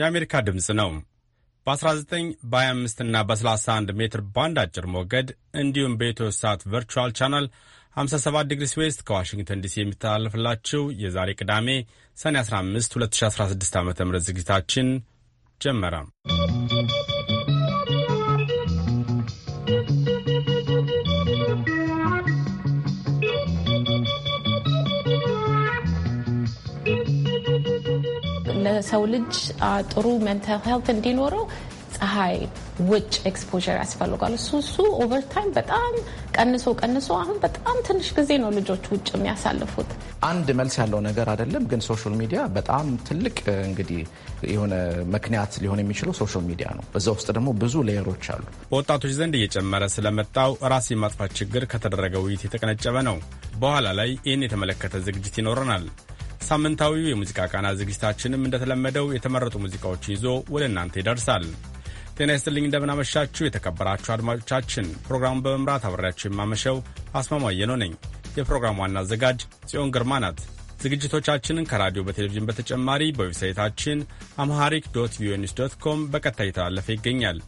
የአሜሪካ ድምፅ ነው። በ19 በ25 እና በ31 ሜትር ባንድ አጭር ሞገድ እንዲሁም በኢትዮ ሳት ቨርቹዋል ቻናል 57 ዲግሪስ ዌስት ከዋሽንግተን ዲሲ የሚተላለፍላችሁ የዛሬ ቅዳሜ ሰኔ 15 2016 ዓ ም ዝግጅታችን ጀመረ። ለሰው ልጅ ጥሩ ሜንታል ሄልት እንዲኖረው ፀሐይ፣ ውጭ ኤክስፖዠር ያስፈልጓል። እሱ እሱ ኦቨርታይም በጣም ቀንሶ ቀንሶ አሁን በጣም ትንሽ ጊዜ ነው ልጆች ውጭ የሚያሳልፉት። አንድ መልስ ያለው ነገር አይደለም፣ ግን ሶሻል ሚዲያ በጣም ትልቅ እንግዲህ የሆነ ምክንያት ሊሆን የሚችለው ሶሻል ሚዲያ ነው። በዛ ውስጥ ደግሞ ብዙ ሌየሮች አሉ። በወጣቶች ዘንድ እየጨመረ ስለመጣው ራስ የማጥፋት ችግር ከተደረገ ውይይት የተቀነጨበ ነው። በኋላ ላይ ይህን የተመለከተ ዝግጅት ይኖረናል። ሳምንታዊው የሙዚቃ ቃና ዝግጅታችንም እንደተለመደው የተመረጡ ሙዚቃዎች ይዞ ወደ እናንተ ይደርሳል። ጤና ይስጥልኝ፣ እንደምናመሻችሁ የተከበራችሁ አድማጮቻችን። ፕሮግራሙን በመምራት አብሬያችሁ የማመሸው አስማማየ ነው ነኝ። የፕሮግራሙ ዋና አዘጋጅ ጽዮን ግርማ ናት። ዝግጅቶቻችንን ከራዲዮ በቴሌቪዥን በተጨማሪ በዌብሳይታችን አምሃሪክ ዶት ቪኦኤ ዶት ኮም በቀጥታ እየተላለፈ ይገኛል።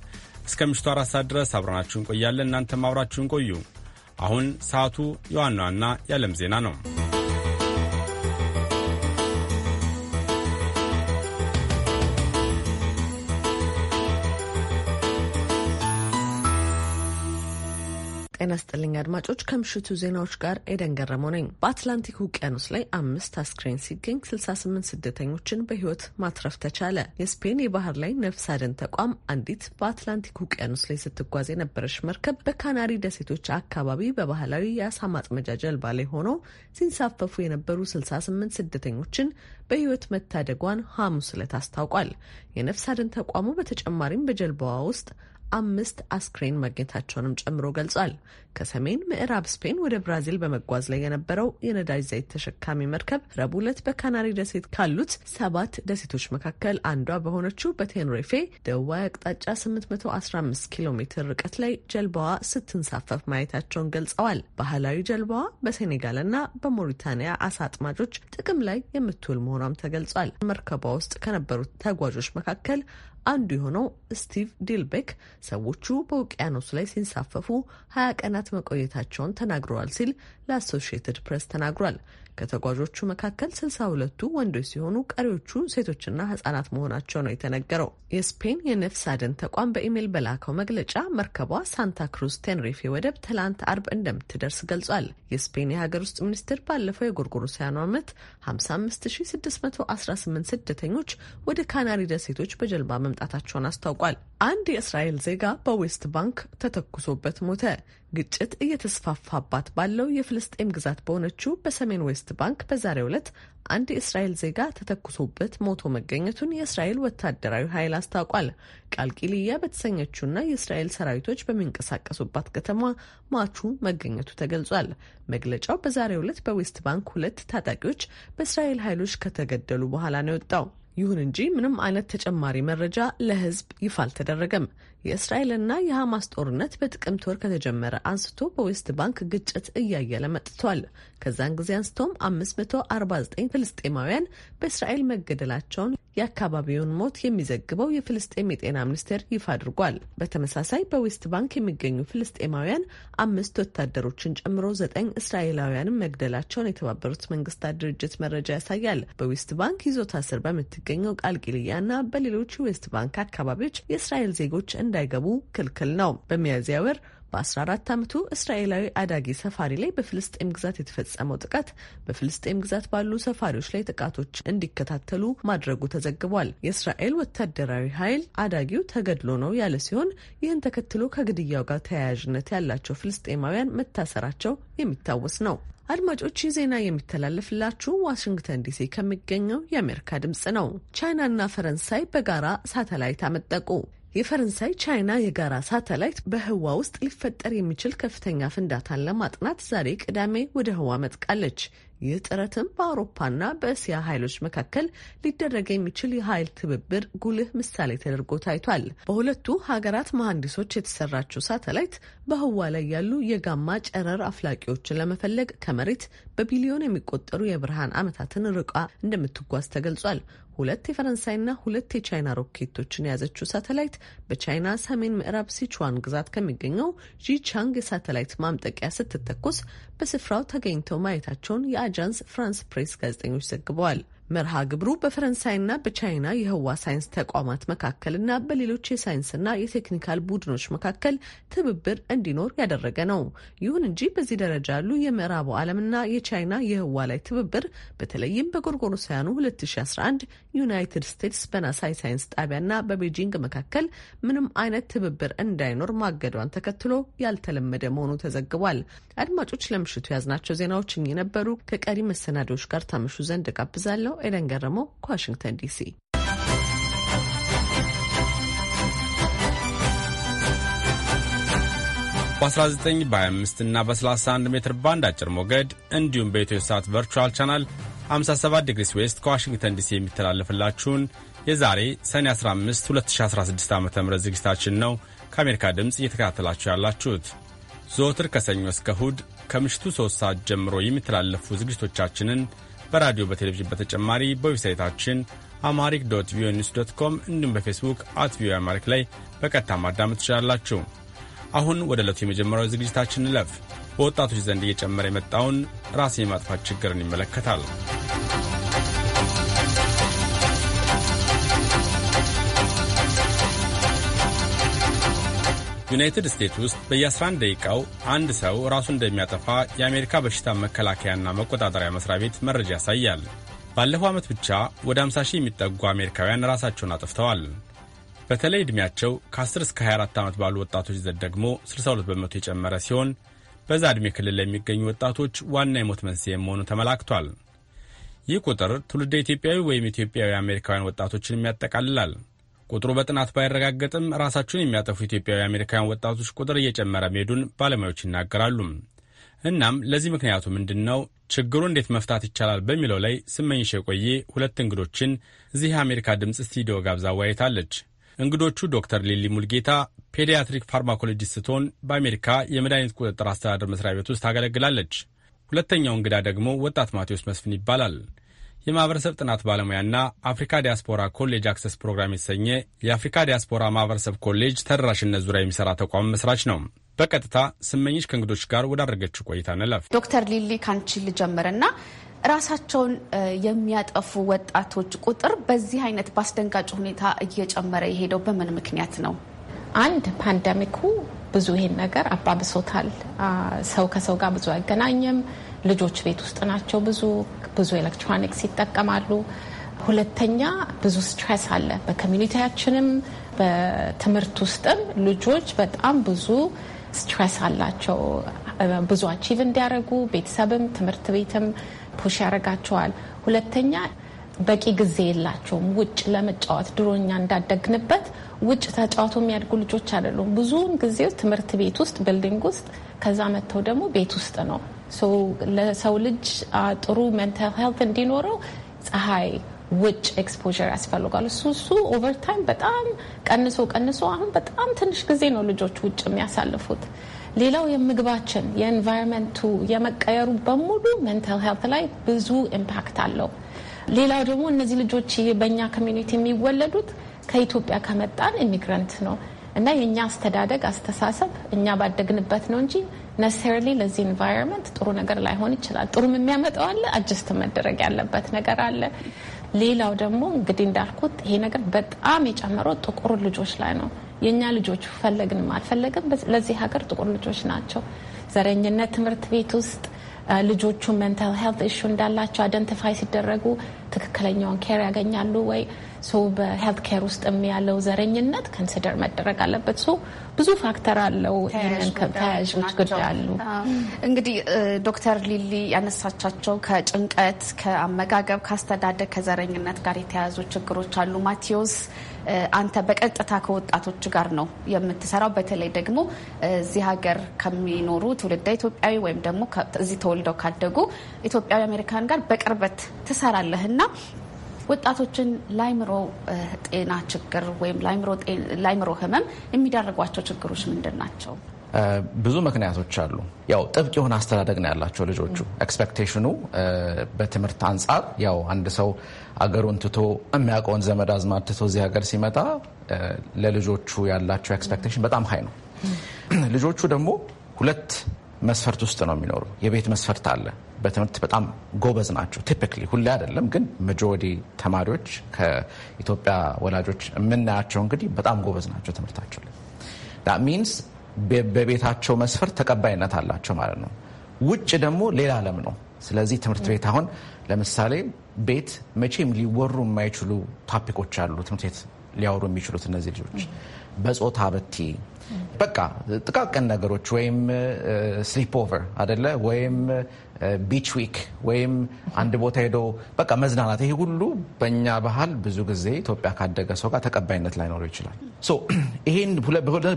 እስከ ምሽቱ አራት ሰዓት ድረስ አብረናችሁን ቆያለን። እናንተም አብራችሁን ቆዩ። አሁን ሰዓቱ የዋና ዋና የዓለም ዜና ነው። ጤና ስጥልኝ አድማጮች፣ ከምሽቱ ዜናዎች ጋር ኤደን ገረመ ነኝ። በአትላንቲክ ውቅያኖስ ላይ አምስት አስክሬን ሲገኝ 68 ስደተኞችን በህይወት ማትረፍ ተቻለ። የስፔን የባህር ላይ ነፍስ አድን ተቋም አንዲት በአትላንቲክ ውቅያኖስ ላይ ስትጓዝ የነበረች መርከብ በካናሪ ደሴቶች አካባቢ በባህላዊ የአሳ ማጥመጃ ጀልባ ላይ ሆነው ሲንሳፈፉ የነበሩ 68 ስደተኞችን በህይወት መታደጓን ሐሙስ ዕለት አስታውቋል። የነፍስ አድን ተቋሙ በተጨማሪም በጀልባዋ ውስጥ አምስት አስክሬን ማግኘታቸውንም ጨምሮ ገልጿል። ከሰሜን ምዕራብ ስፔን ወደ ብራዚል በመጓዝ ላይ የነበረው የነዳጅ ዘይት ተሸካሚ መርከብ ረቡዕ ዕለት በካናሪ ደሴት ካሉት ሰባት ደሴቶች መካከል አንዷ በሆነችው በቴንሬፌ ደቡባዊ አቅጣጫ 815 ኪሎ ሜትር ርቀት ላይ ጀልባዋ ስትንሳፈፍ ማየታቸውን ገልጸዋል። ባህላዊ ጀልባዋ እና በሞሪታንያ አሳ አጥማጆች ጥቅም ላይ የምትውል መሆኗም ተገልጿል። መርከቧ ውስጥ ከነበሩት ተጓዦች መካከል አንዱ የሆነው ስቲቭ ዲልቤክ ሰዎቹ በውቅያኖስ ላይ ሲንሳፈፉ ሀያ ቀናት መቆየታቸውን ተናግረዋል ሲል ለአሶሽየትድ ፕሬስ ተናግሯል። ከተጓዦቹ መካከል ስልሳ ሁለቱ ወንዶች ሲሆኑ ቀሪዎቹ ሴቶችና ህጻናት መሆናቸው ነው የተነገረው። የስፔን የነፍስ አድን ተቋም በኢሜይል በላከው መግለጫ መርከቧ ሳንታ ክሩዝ ቴንሪፌ ወደብ ትላንት አርብ እንደምትደርስ ገልጿል። የስፔን የሀገር ውስጥ ሚኒስትር ባለፈው የጎርጎሮሳውያኑ ዓመት 55618 ስደተኞች ወደ ካናሪ ደሴቶች በጀልባ መምጣታቸውን አስታውቋል። አንድ የእስራኤል ዜጋ በዌስት ባንክ ተተኩሶበት ሞተ። ግጭት እየተስፋፋባት ባለው የፍልስጤም ግዛት በሆነችው በሰሜን ዌስት ባንክ በዛሬው ዕለት አንድ የእስራኤል ዜጋ ተተኩሶበት ሞቶ መገኘቱን የእስራኤል ወታደራዊ ኃይል አስታውቋል። ቃልቂልያ በተሰኘችውና የእስራኤል ሰራዊቶች በሚንቀሳቀሱባት ከተማ ማቹ መገኘቱ ተገልጿል። መግለጫው በዛሬው ዕለት በዌስት ባንክ ሁለት ታጣቂዎች በእስራኤል ኃይሎች ከተገደሉ በኋላ ነው የወጣው። ይሁን እንጂ ምንም አይነት ተጨማሪ መረጃ ለህዝብ ይፋ አልተደረገም። የእስራኤልና የሐማስ ጦርነት በጥቅምት ወር ከተጀመረ አንስቶ በዌስት ባንክ ግጭት እያየለ መጥቷል። ከዛን ጊዜ አንስቶም 549 ፍልስጤማውያን በእስራኤል መገደላቸውን የአካባቢውን ሞት የሚዘግበው የፍልስጤም የጤና ሚኒስቴር ይፋ አድርጓል። በተመሳሳይ በዌስት ባንክ የሚገኙ ፍልስጤማውያን አምስት ወታደሮችን ጨምሮ ዘጠኝ እስራኤላውያንም መግደላቸውን የተባበሩት መንግስታት ድርጅት መረጃ ያሳያል። በዌስት ባንክ ይዞታ ስር በምት በምትገኘው ቂልያ እና በሌሎች የዌስት ባንክ አካባቢዎች የእስራኤል ዜጎች እንዳይገቡ ክልክል ነው። በሚያዝያ ወር በ14 ዓመቱ እስራኤላዊ አዳጊ ሰፋሪ ላይ በፍልስጤም ግዛት የተፈጸመው ጥቃት በፍልስጤም ግዛት ባሉ ሰፋሪዎች ላይ ጥቃቶች እንዲከታተሉ ማድረጉ ተዘግቧል። የእስራኤል ወታደራዊ ኃይል አዳጊው ተገድሎ ነው ያለ ሲሆን ይህን ተከትሎ ከግድያው ጋር ተያያዥነት ያላቸው ፍልስጤማውያን መታሰራቸው የሚታወስ ነው። አድማጮች ይህ ዜና የሚተላለፍላችሁ ዋሽንግተን ዲሲ ከሚገኘው የአሜሪካ ድምጽ ነው። ቻይናና ፈረንሳይ በጋራ ሳተላይት አመጠቁ። የፈረንሳይ ቻይና የጋራ ሳተላይት በህዋ ውስጥ ሊፈጠር የሚችል ከፍተኛ ፍንዳታን ለማጥናት ዛሬ ቅዳሜ ወደ ህዋ መጥቃለች። ይህ ጥረትም በአውሮፓና በእስያ ኃይሎች መካከል ሊደረግ የሚችል የኃይል ትብብር ጉልህ ምሳሌ ተደርጎ ታይቷል። በሁለቱ ሀገራት መሐንዲሶች የተሰራችው ሳተላይት በህዋ ላይ ያሉ የጋማ ጨረር አፍላቂዎችን ለመፈለግ ከመሬት በቢሊዮን የሚቆጠሩ የብርሃን ዓመታትን ርቃ እንደምትጓዝ ተገልጿል። ሁለት የፈረንሳይና ሁለት የቻይና ሮኬቶችን የያዘችው ሳተላይት በቻይና ሰሜን ምዕራብ ሲቹዋን ግዛት ከሚገኘው ዢቻንግ የሳተላይት ማምጠቂያ ስትተኩስ በስፍራው ተገኝተው ማየታቸውን የአጃንስ ፍራንስ ፕሬስ ጋዜጠኞች ዘግበዋል። መርሃ ግብሩ በፈረንሳይና በቻይና የህዋ ሳይንስ ተቋማት መካከልና በሌሎች የሳይንስና የቴክኒካል ቡድኖች መካከል ትብብር እንዲኖር ያደረገ ነው። ይሁን እንጂ በዚህ ደረጃ ያሉ የምዕራቡ ዓለምና የቻይና የህዋ ላይ ትብብር በተለይም በጎርጎሮሳውያኑ 2011 ዩናይትድ ስቴትስ በናሳ የሳይንስ ጣቢያና በቤጂንግ መካከል ምንም አይነት ትብብር እንዳይኖር ማገዷን ተከትሎ ያልተለመደ መሆኑ ተዘግቧል። አድማጮች፣ ለምሽቱ ያዝናቸው ዜናዎች እኚህ ነበሩ። ከቀሪ መሰናዶዎች ጋር ታመሹ ዘንድ ጋብዛለሁ። ኤደን ገረመው ከዋሽንግተን ዲሲ። በ19 በ25 እና በ31 ሜትር ባንድ አጭር ሞገድ እንዲሁም በኢትዮ ሳት ቨርቹዋል ቻናል 57 ዲግሪስ ዌስት ከዋሽንግተን ዲሲ የሚተላለፍላችሁን የዛሬ ሰኔ 15 2016 ዓ ም ዝግጅታችን ነው ከአሜሪካ ድምፅ እየተከታተላችሁ ያላችሁት። ዘወትር ከሰኞ እስከ እሁድ ከምሽቱ 3 ሰዓት ጀምሮ የሚተላለፉ ዝግጅቶቻችንን በራዲዮ በቴሌቪዥን በተጨማሪ በዌብሳይታችን አማሪክ ዶት ቪኦኤ ኒውስ ዶት ኮም እንዲሁም በፌስቡክ አት ቪኦኤ አማሪክ ላይ በቀጥታ ማዳመጥ ትችላላችሁ። አሁን ወደ ዕለቱ የመጀመሪያው ዝግጅታችን እንለፍ። በወጣቶች ዘንድ እየጨመረ የመጣውን ራስን የማጥፋት ችግርን ይመለከታል። ዩናይትድ ስቴትስ ውስጥ በየ11 ደቂቃው አንድ ሰው ራሱን እንደሚያጠፋ የአሜሪካ በሽታ መከላከያና መቆጣጠሪያ መስሪያ ቤት መረጃ ያሳያል። ባለፈው ዓመት ብቻ ወደ 50 ሺህ የሚጠጉ አሜሪካውያን ራሳቸውን አጥፍተዋል። በተለይ ዕድሜያቸው ከ10 እስከ 24 ዓመት ባሉ ወጣቶች ዘንድ ደግሞ 62 በመቶ የጨመረ ሲሆን በዛ ዕድሜ ክልል ለሚገኙ ወጣቶች ዋና የሞት መንስኤ መሆኑ ተመላክቷል። ይህ ቁጥር ትውልደ ኢትዮጵያዊ ወይም ኢትዮጵያዊ አሜሪካውያን ወጣቶችንም ያጠቃልላል። ቁጥሩ በጥናት ባይረጋገጥም ራሳቸውን የሚያጠፉ ኢትዮጵያዊ አሜሪካውያን ወጣቶች ቁጥር እየጨመረ መሄዱን ባለሙያዎች ይናገራሉ። እናም ለዚህ ምክንያቱ ምንድን ነው? ችግሩ እንዴት መፍታት ይቻላል? በሚለው ላይ ስመኝሽ የቆየ ሁለት እንግዶችን እዚህ የአሜሪካ ድምፅ ስቱዲዮ ጋብዛ አወያይታለች። እንግዶቹ ዶክተር ሊሊ ሙልጌታ ፔዲያትሪክ ፋርማኮሎጂስት ስትሆን በአሜሪካ የመድኃኒት ቁጥጥር አስተዳደር መስሪያ ቤት ውስጥ ታገለግላለች። ሁለተኛው እንግዳ ደግሞ ወጣት ማቴዎስ መስፍን ይባላል። የማህበረሰብ ጥናት ባለሙያና አፍሪካ ዲያስፖራ ኮሌጅ አክሰስ ፕሮግራም የተሰኘ የአፍሪካ ዲያስፖራ ማህበረሰብ ኮሌጅ ተደራሽነት ዙሪያ የሚሰራ ተቋም መስራች ነው። በቀጥታ ስመኝሽ ከእንግዶች ጋር ወዳደረገችው ቆይታ ንለፍ። ዶክተር ሊሊ ካንቺ ልጀምርና ራሳቸውን የሚያጠፉ ወጣቶች ቁጥር በዚህ አይነት በአስደንጋጭ ሁኔታ እየጨመረ የሄደው በምን ምክንያት ነው? አንድ ፓንደሚኩ ብዙ ይሄን ነገር አባብሶታል። ሰው ከሰው ጋር ብዙ አይገናኝም። ልጆች ቤት ውስጥ ናቸው። ብዙ ብዙ ኤሌክትሮኒክስ ይጠቀማሉ። ሁለተኛ ብዙ ስትሬስ አለ። በኮሚኒቲያችንም በትምህርት ውስጥም ልጆች በጣም ብዙ ስትሬስ አላቸው። ብዙ አቺቭ እንዲያደርጉ ቤተሰብም ትምህርት ቤትም ፑሽ ያደርጋቸዋል። ሁለተኛ በቂ ጊዜ የላቸውም ውጭ ለመጫወት። ድሮኛ እንዳደግንበት ውጭ ተጫውቶ የሚያድጉ ልጆች አይደሉም። ብዙውን ጊዜ ትምህርት ቤት ውስጥ፣ ቢልዲንግ ውስጥ፣ ከዛ መጥተው ደግሞ ቤት ውስጥ ነው ለሰው ልጅ ጥሩ ሜንታል ሄልት እንዲኖረው ፀሐይ፣ ውጭ ኤክስፖዠር ያስፈልጋል። እሱ እሱ ኦቨርታይም በጣም ቀንሶ ቀንሶ አሁን በጣም ትንሽ ጊዜ ነው ልጆች ውጭ የሚያሳልፉት። ሌላው የምግባችን የኤንቫይሮንመንቱ የመቀየሩ በሙሉ ሜንታል ሄልት ላይ ብዙ ኢምፓክት አለው። ሌላው ደግሞ እነዚህ ልጆች በእኛ ኮሚኒቲ የሚወለዱት ከኢትዮጵያ ከመጣን ኢሚግራንት ነው እና የእኛ አስተዳደግ አስተሳሰብ እኛ ባደግንበት ነው እንጂ ነሰሪሊ ለዚህ ኢንቫይሮንመንት ጥሩ ነገር ላይሆን ይችላል። ጥሩም የሚያመጣው አለ፣ አጀስት መደረግ ያለበት ነገር አለ። ሌላው ደግሞ እንግዲህ እንዳልኩት ይሄ ነገር በጣም የጨመረው ጥቁር ልጆች ላይ ነው። የእኛ ልጆች ፈለግንም አልፈለግም ለዚህ ሀገር ጥቁር ልጆች ናቸው። ዘረኝነት ትምህርት ቤት ውስጥ ልጆቹ ሜንታል ሄልት ኢሹ እንዳላቸው አይደንቲፋይ ሲደረጉ ትክክለኛውን ኬር ያገኛሉ ወይ? ሰው በሄልት ኬር ውስጥም ያለው ዘረኝነት ከንስደር መደረግ አለበት። ሰው ብዙ ፋክተር አለው። ተያያዦች ጉዳይ አሉ። እንግዲህ ዶክተር ሊሊ ያነሳቻቸው ከጭንቀት፣ ከአመጋገብ፣ ከአስተዳደግ፣ ከዘረኝነት ጋር የተያያዙ ችግሮች አሉ ማቴዎስ አንተ በቀጥታ ከወጣቶች ጋር ነው የምትሰራው። በተለይ ደግሞ እዚህ ሀገር ከሚኖሩ ትውልደ ኢትዮጵያዊ ወይም ደግሞ እዚህ ተወልደው ካደጉ ኢትዮጵያዊ አሜሪካን ጋር በቅርበት ትሰራለህ እና ወጣቶችን ለአይምሮ ጤና ችግር ወይም ላይምሮ ህመም የሚዳርጓቸው ችግሮች ምንድን ናቸው? ብዙ ምክንያቶች አሉ። ያው ጥብቅ የሆነ አስተዳደግ ነው ያላቸው ልጆቹ። ኤክስፔክቴሽኑ በትምህርት አንጻር ያው አንድ ሰው አገሩን ትቶ የሚያውቀውን ዘመድ አዝማድ ትቶ እዚህ ሀገር ሲመጣ ለልጆቹ ያላቸው ኤክስፔክቴሽን በጣም ሀይ ነው። ልጆቹ ደግሞ ሁለት መስፈርት ውስጥ ነው የሚኖሩ። የቤት መስፈርት አለ። በትምህርት በጣም ጎበዝ ናቸው። ቲፒክሊ ሁሌ አይደለም ግን መጆሪቲ ተማሪዎች ከኢትዮጵያ ወላጆች የምናያቸው እንግዲህ በጣም ጎበዝ ናቸው ትምህርታቸው ላይ ሚንስ በቤታቸው መስፈር ተቀባይነት አላቸው ማለት ነው። ውጭ ደግሞ ሌላ ዓለም ነው። ስለዚህ ትምህርት ቤት አሁን ለምሳሌ ቤት መቼም ሊወሩ የማይችሉ ታፒኮች አሉ። ትምህርት ቤት ሊያወሩ የሚችሉት እነዚህ ልጆች በጾታ በቲ በቃ ጥቃቅን ነገሮች ወይም ስሊፕ ኦቨር አደለ ወይም ቢች ዊክ ወይም አንድ ቦታ ሄዶ በቃ መዝናናት፣ ይሄ ሁሉ በእኛ ባህል ብዙ ጊዜ ኢትዮጵያ ካደገ ሰው ጋር ተቀባይነት ላይኖረው ይችላል። ይሄን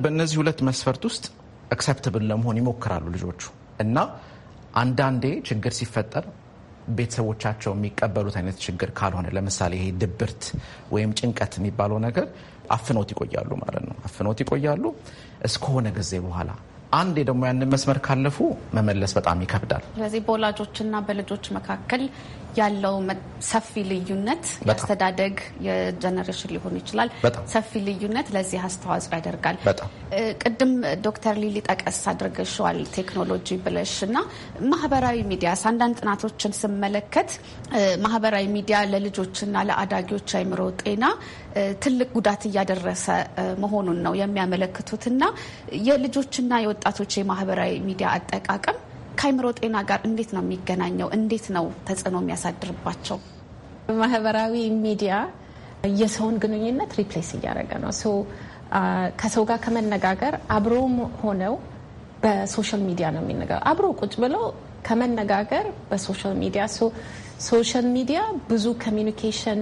በእነዚህ ሁለት መስፈርት ውስጥ አክሰፕተብል ለመሆን ይሞክራሉ ልጆቹ እና አንዳንዴ ችግር ሲፈጠር ቤተሰቦቻቸው የሚቀበሉት አይነት ችግር ካልሆነ ለምሳሌ ይሄ ድብርት ወይም ጭንቀት የሚባለው ነገር አፍኖት ይቆያሉ ማለት ነው። አፍኖት ይቆያሉ እስከሆነ ጊዜ በኋላ አንድ ደግሞ ያንን መስመር ካለፉ መመለስ በጣም ይከብዳል። ስለዚህ በወላጆችና በልጆች መካከል ያለው ሰፊ ልዩነት የአስተዳደግ የጀነሬሽን ሊሆን ይችላል። ሰፊ ልዩነት ለዚህ አስተዋጽኦ ያደርጋል። ቅድም ዶክተር ሊሊ ጠቀስ አድርገሸዋል ቴክኖሎጂ ብለሽ እና ማህበራዊ ሚዲያ አንዳንድ ጥናቶችን ስመለከት ማህበራዊ ሚዲያ ለልጆችና ለአዳጊዎች አይምሮ ጤና ትልቅ ጉዳት እያደረሰ መሆኑን ነው የሚያመለክቱትና የልጆችና የወጣቶች የማህበራዊ ሚዲያ አጠቃቀም ከአይምሮ ጤና ጋር እንዴት ነው የሚገናኘው? እንዴት ነው ተጽዕኖ የሚያሳድርባቸው? ማህበራዊ ሚዲያ የሰውን ግንኙነት ሪፕሌስ እያደረገ ነው። ከሰው ጋር ከመነጋገር አብሮም ሆነው በሶሻል ሚዲያ ነው የሚነጋገር። አብሮ ቁጭ ብለው ከመነጋገር በሶሻል ሚዲያ ሶሻል ሚዲያ ብዙ ኮሚኒኬሽን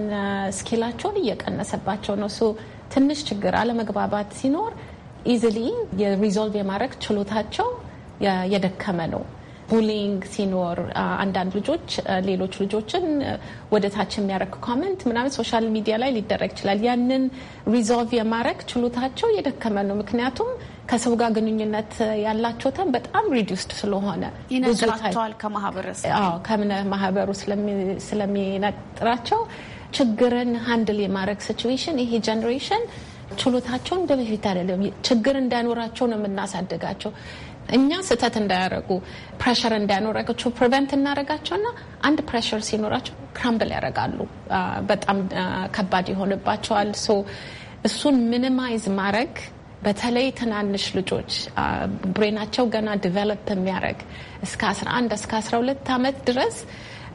ስኪላቸውን እየቀነሰባቸው ነው። ትንሽ ችግር አለመግባባት ሲኖር ኢዝሊ የሪዞልቭ የማድረግ ችሎታቸው የደከመ ነው። ቡሊንግ ሲኖር አንዳንድ ልጆች ሌሎች ልጆችን ወደ ታች የሚያደረግ ኮመንት ምናምን ሶሻል ሚዲያ ላይ ሊደረግ ይችላል። ያንን ሪዞልቭ የማድረግ ችሎታቸው የደከመ ነው። ምክንያቱም ከሰው ጋር ግንኙነት ያላቸው ታም በጣም ሪዲስድ ስለሆነ ይነጥላቸዋል ከምነ ማህበሩ ስለሚነጥራቸው ችግርን ሀንድል የማድረግ ሲትዌሽን ይሄ ጀኔሬሽን ችሎታቸው እንደበፊት አይደለም። ችግር እንዳይኖራቸው ነው የምናሳድጋቸው። እኛ ስህተት እንዳያደረጉ ፕሬሽር እንዳያኖረቸው ፕሪቨንት እናደረጋቸውና አንድ ፕሬሽር ሲኖራቸው ክራምብል ያደርጋሉ። በጣም ከባድ ይሆንባቸዋል። ሶ እሱን ሚኒማይዝ ማድረግ በተለይ ትናንሽ ልጆች ብሬናቸው ገና ዲቨሎፕ የሚያደርግ እስከ 11 እስከ 12 ዓመት ድረስ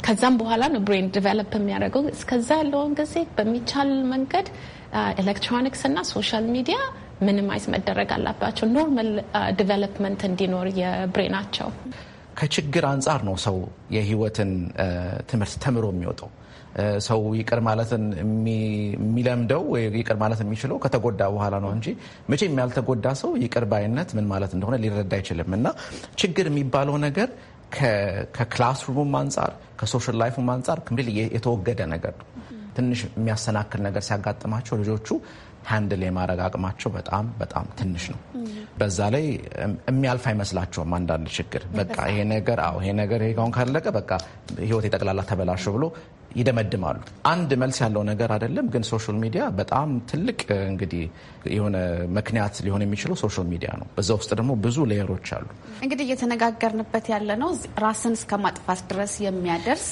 ከዛም በኋላ ነው ብሬን ዲቨሎፕ የሚያደርገው። እስከዛ ያለውን ጊዜ በሚቻል መንገድ ኤሌክትሮኒክስ እና ሶሻል ሚዲያ ምንማይዝ መደረግ አላባቸው ኖርማል ዲቨሎፕመንት uh, እንዲኖር የብሬናቸው ከችግር አንጻር ነው ሰው የህይወትን uh, ትምህርት ተምሮ የሚወጣው። uh, ሰው ይቅር ማለትን የሚለምደው ይቅር ማለት የሚችለው ከተጎዳ በኋላ ነው እንጂ መቼም ያልተጎዳ ሰው ይቅር ባይነት ምን ማለት እንደሆነ ሊረዳ አይችልም። እና ችግር የሚባለው ነገር ከክላስሩሙም አንጻር ከሶሻል ላይፉም አንጻር ክምል የተወገደ ነገር ነው። ትንሽ የሚያሰናክል ነገር ሲያጋጥማቸው ልጆቹ ሃንድል የማድረግ አቅማቸው በጣም በጣም ትንሽ ነው። በዛ ላይ የሚያልፍ አይመስላቸውም። አንዳንድ ችግር በቃ ይሄ ነገር አዎ ይሄ ነገር አሁን ካለቀ በቃ ህይወት የጠቅላላ ተበላሸው ብሎ ይደመድማሉ። አንድ መልስ ያለው ነገር አይደለም። ግን ሶሻል ሚዲያ በጣም ትልቅ እንግዲህ የሆነ ምክንያት ሊሆን የሚችለው ሶሻል ሚዲያ ነው። በዛ ውስጥ ደግሞ ብዙ ሌየሮች አሉ። እንግዲህ እየተነጋገርንበት ያለ ነው ራስን እስከ ማጥፋት ድረስ የሚያደርስ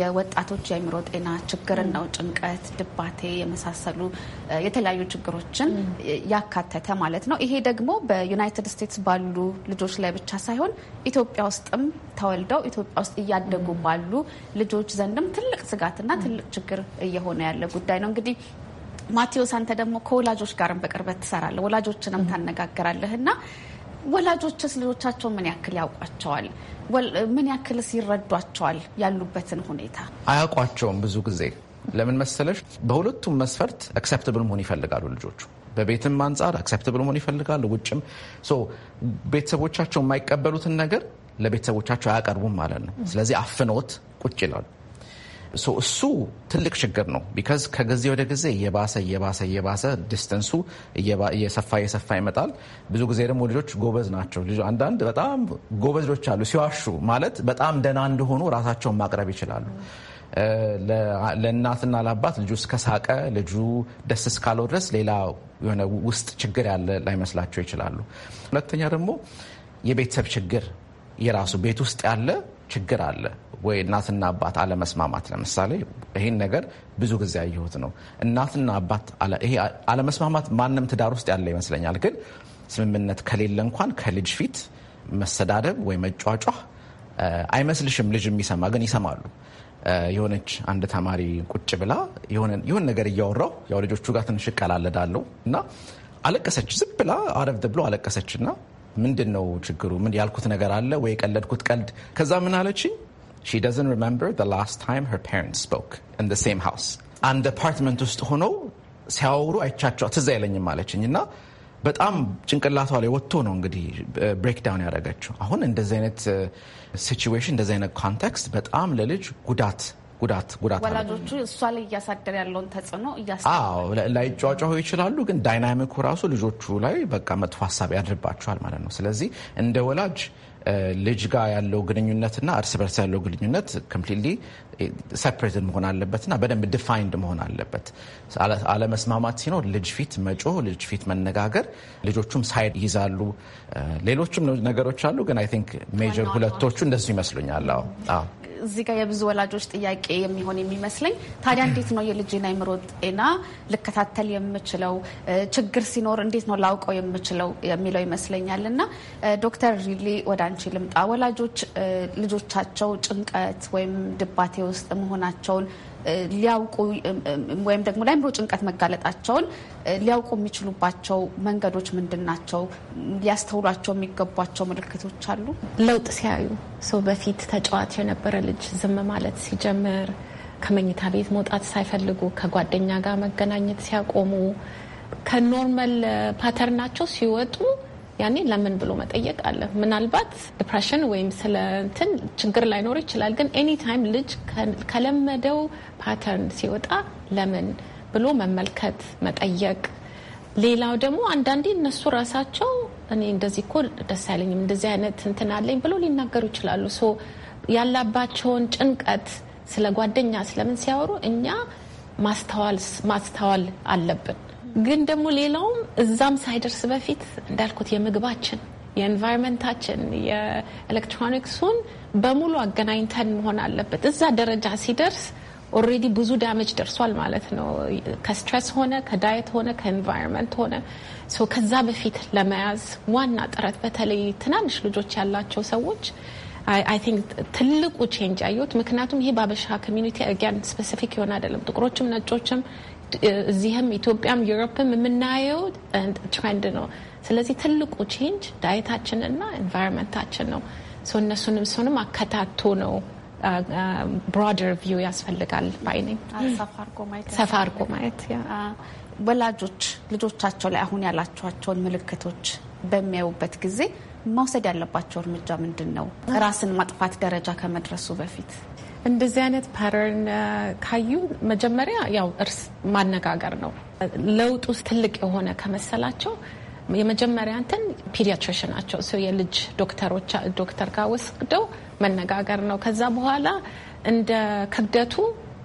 የወጣቶች የአእምሮ ጤና ችግርን ነው። ጭንቀት፣ ድባቴ የመሳሰሉ የተለያዩ ችግሮችን ያካተተ ማለት ነው። ይሄ ደግሞ በዩናይትድ ስቴትስ ባሉ ልጆች ላይ ብቻ ሳይሆን ኢትዮጵያ ውስጥም ተወልደው ኢትዮጵያ ውስጥ እያደጉ ባሉ ልጆች ዘንድም ትልቅ ትልቅ ስጋትና ትልቅ ችግር እየሆነ ያለ ጉዳይ ነው። እንግዲህ ማቴዎስ፣ አንተ ደግሞ ከወላጆች ጋርም በቅርበት ትሰራለህ፣ ወላጆችንም ታነጋግራለህ እና ወላጆችስ ልጆቻቸው ምን ያክል ያውቋቸዋል? ምን ያክልስ ይረዷቸዋል? ያሉበትን ሁኔታ አያውቋቸውም። ብዙ ጊዜ ለምን መሰለሽ፣ በሁለቱም መስፈርት አክሰፕተብል መሆን ይፈልጋሉ ልጆቹ። በቤትም አንጻር አክሰፕተብል መሆን ይፈልጋሉ፣ ውጭም ቤተሰቦቻቸው የማይቀበሉትን ነገር ለቤተሰቦቻቸው አያቀርቡም ማለት ነው። ስለዚህ አፍኖት ቁጭ ይላሉ። እሱ ትልቅ ችግር ነው። ቢካዝ ከጊዜ ወደ ጊዜ እየባሰ እየባሰ እየባሰ ዲስተንሱ እየሰፋ እየሰፋ ይመጣል። ብዙ ጊዜ ደግሞ ልጆች ጎበዝ ናቸው። አንዳንድ በጣም ጎበዝ ልጆች አሉ። ሲዋሹ ማለት በጣም ደህና እንደሆኑ ራሳቸውን ማቅረብ ይችላሉ። ለእናትና ለአባት ልጁ እስከሳቀ ልጁ ደስ እስካለው ድረስ ሌላ የሆነ ውስጥ ችግር ያለ ላይመስላቸው ይችላሉ። ሁለተኛ ደግሞ የቤተሰብ ችግር የራሱ ቤት ውስጥ ያለ ችግር አለ። ወይ እናትና አባት አለመስማማት ለምሳሌ ይህን ነገር ብዙ ጊዜ ያየሁት ነው። እናትና አባት ይሄ አለመስማማት ማንም ትዳር ውስጥ ያለ ይመስለኛል። ግን ስምምነት ከሌለ እንኳን ከልጅ ፊት መሰዳደብ ወይ መጫጫህ አይመስልሽም? ልጅ የሚሰማ ግን ይሰማሉ። የሆነች አንድ ተማሪ ቁጭ ብላ የሆነ ነገር እያወራው ያው ልጆቹ ጋር ትንሽ እቀላለዳለሁ እና አለቀሰች። ዝም ብላ አረፍድ ብሎ አለቀሰች እና ምንድን ነው ችግሩ? ምን ያልኩት ነገር አለ ወይ የቀለድኩት ቀልድ? ከዛ ምን አለችኝ ሺ ዶዝንት ሪመምበር ዘ ላስት ታይም ሄር ፓረንትስ ስፖክ ኢን ዘ ሴም ሃውስ አንድ አፓርትመንት ውስጥ ሆነው ሲያወሩ አይቻቸው ትዝ አይለኝም አለችኝ እና በጣም ጭንቅላቷ ላይ ወጥቶ ነው እንግዲህ ብሬክዳውን ያደረገችው። አሁን እንደዚህ አይነት ሲቹዌሽን እንደዚህ አይነት ኮንቴክስት በጣም ለልጅ ጉዳት ጉዳት ጉዳት ወላጆቹ እሷ ላይ እያሳደር ያለውን ተጽዕኖ ላይጫጫሁ ይችላሉ፣ ግን ዳይናሚኩ ራሱ ልጆቹ ላይ በቃ መጥፎ ሀሳብ ያድርባቸዋል ማለት ነው። ስለዚህ እንደ ወላጅ ልጅ ጋር ያለው ግንኙነትና እርስ በርስ ያለው ግንኙነት ኮምፕሊትሊ ሰፕሬትድ መሆን አለበትና በደንብ ዲፋይንድ መሆን አለበት። አለመስማማት ሲኖር ልጅ ፊት መጮ፣ ልጅ ፊት መነጋገር፣ ልጆቹም ሳይድ ይዛሉ። ሌሎችም ነገሮች አሉ፣ ግን አይ ቲንክ ሜጀር ሁለቶቹ እንደሱ ይመስሉኛል። አዎ እዚህ ጋር የብዙ ወላጆች ጥያቄ የሚሆን የሚመስለኝ ታዲያ እንዴት ነው የልጅን አይምሮ ጤና ልከታተል የምችለው? ችግር ሲኖር እንዴት ነው ላውቀው የምችለው የሚለው ይመስለኛል። እና ዶክተር ሪሊ ወደ አንቺ ልምጣ። ወላጆች ልጆቻቸው ጭንቀት ወይም ድባቴ ውስጥ መሆናቸውን ሊያውቁ ወይም ደግሞ ምሮ ጭንቀት መጋለጣቸውን ሊያውቁ የሚችሉባቸው መንገዶች ምንድን ናቸው? ሊያስተውሏቸው የሚገቧቸው ምልክቶች አሉ። ለውጥ ሲያዩ ሰው በፊት ተጫዋች የነበረ ልጅ ዝም ማለት ሲጀምር፣ ከመኝታ ቤት መውጣት ሳይፈልጉ ከጓደኛ ጋር መገናኘት ሲያቆሙ፣ ከኖርማል ፓተርናቸው ሲወጡ ያኔ ለምን ብሎ መጠየቅ አለ። ምናልባት ዲፕሬሽን ወይም ስለ እንትን ችግር ላይኖር ይችላል። ግን ኤኒ ታይም ልጅ ከለመደው ፓተርን ሲወጣ ለምን ብሎ መመልከት፣ መጠየቅ። ሌላው ደግሞ አንዳንዴ እነሱ ራሳቸው እኔ እንደዚህ እኮ ደስ አይለኝም እንደዚህ አይነት እንትን አለኝ ብሎ ሊናገሩ ይችላሉ። ሶ ያላባቸውን ጭንቀት ስለ ጓደኛ ስለምን ሲያወሩ እኛ ማስተዋል ማስተዋል አለብን። ግን ደግሞ ሌላውም እዛም ሳይደርስ በፊት እንዳልኩት የምግባችን፣ የኤንቫይሮንመንታችን፣ የኤሌክትሮኒክሱን በሙሉ አገናኝተን መሆን አለበት። እዛ ደረጃ ሲደርስ ኦልሬዲ ብዙ ዳሜጅ ደርሷል ማለት ነው። ከስትረስ ሆነ ከዳየት ሆነ ከኤንቫይሮንመንት ሆነ ከዛ በፊት ለመያዝ ዋና ጥረት በተለይ ትናንሽ ልጆች ያላቸው ሰዎች አይ ቲንክ ትልቁ ቼንጅ አየሁት። ምክንያቱም ይሄ በአበሻ ኮሚኒቲ አጋን ስፔሲፊክ የሆነ አይደለም። ጥቁሮችም ነጮችም እዚህም ኢትዮጵያም ዩሮፕም የምናየው ትሬንድ ነው። ስለዚህ ትልቁ ቼንጅ ዳየታችንና ኤንቫይሮንመንታችን ነው። እነሱንም ሰውንም አከታቶ ነው ብሮደር uh, ቪው um, ያስፈልጋል ባይ ነኝ። ሰፋ አድርጎ ማየት ወላጆች ልጆቻቸው ላይ አሁን ያላቸኋቸውን ምልክቶች በሚያዩበት ጊዜ መውሰድ ያለባቸው እርምጃ ምንድን ነው? ራስን ማጥፋት ደረጃ ከመድረሱ በፊት እንደዚህ አይነት ፓተርን uh, ካዩ መጀመሪያ ያው እርስ ማነጋገር ነው። ለውጥ ውስጥ ትልቅ የሆነ ከመሰላቸው የመጀመሪያ እንትን ፒዲያትሪሽናቸው የልጅ ዶክተሮች ዶክተር ጋር ወስደው መነጋገር ነው። ከዛ በኋላ እንደ ክብደቱ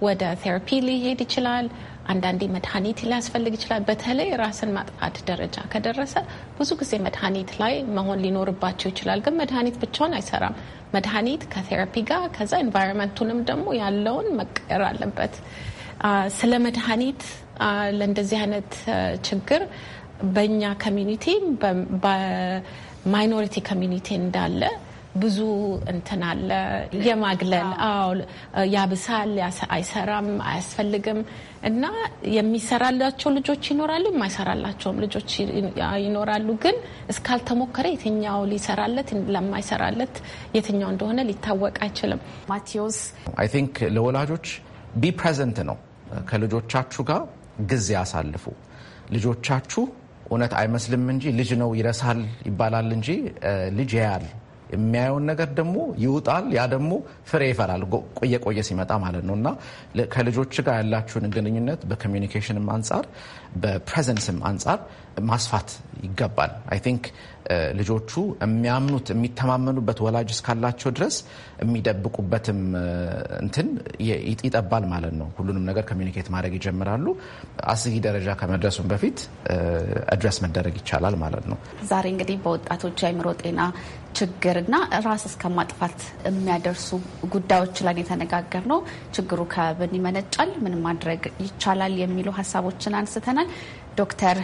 ወደ ቴራፒ ሊሄድ ይችላል። አንዳንዴ መድኃኒት ሊያስፈልግ ይችላል። በተለይ ራስን ማጥፋት ደረጃ ከደረሰ ብዙ ጊዜ መድኃኒት ላይ መሆን ሊኖርባቸው ይችላል። ግን መድኃኒት ብቻውን አይሰራም። መድኃኒት ከቴራፒ ጋር ከዛ ኤንቫይሮንመንቱንም ደግሞ ያለውን መቀየር አለበት። ስለ መድኃኒት ለእንደዚህ አይነት ችግር በእኛ ኮሚኒቲ በማይኖሪቲ ኮሚኒቲ እንዳለ ብዙ እንትን አለ የማግለል አዎ፣ ያብሳል፣ አይሰራም፣ አያስፈልግም እና የሚሰራላቸው ልጆች ይኖራሉ፣ የማይሰራላቸውም ልጆች ይኖራሉ። ግን እስካልተሞከረ የትኛው ሊሰራለት ለማይሰራለት የትኛው እንደሆነ ሊታወቅ አይችልም። ማቴዎስ አይ ቲንክ ለወላጆች ቢ ፕሬዘንት ነው። ከልጆቻችሁ ጋር ጊዜ አሳልፉ። ልጆቻችሁ እውነት አይመስልም እንጂ ልጅ ነው ይረሳል ይባላል እንጂ ልጅ ያያል የሚያየውን ነገር ደግሞ ይውጣል። ያ ደግሞ ፍሬ ይፈራል ቆየ ቆየ ሲመጣ ማለት ነው እና ከልጆች ጋር ያላችሁን ግንኙነት በኮሚኒኬሽንም አንጻር በፕሬዘንስም አንጻር ማስፋት ይገባል። አይ ቲንክ ልጆቹ የሚያምኑት የሚተማመኑበት ወላጅ እስካላቸው ድረስ የሚደብቁበትም እንትን ይጠባል ማለት ነው። ሁሉንም ነገር ኮሚኒኬት ማድረግ ይጀምራሉ። አስጊ ደረጃ ከመድረሱም በፊት አድረስ መደረግ ይቻላል ማለት ነው። ዛሬ እንግዲህ በወጣቶች አይምሮ ጤና ችግርና ራስ እስከ ማጥፋት የሚያደርሱ ጉዳዮች ላይ የተነጋገር ነው። ችግሩ ከምን ይመነጫል? ምን ማድረግ ይቻላል? የሚሉ ሀሳቦችን አንስተናል። ዶክተር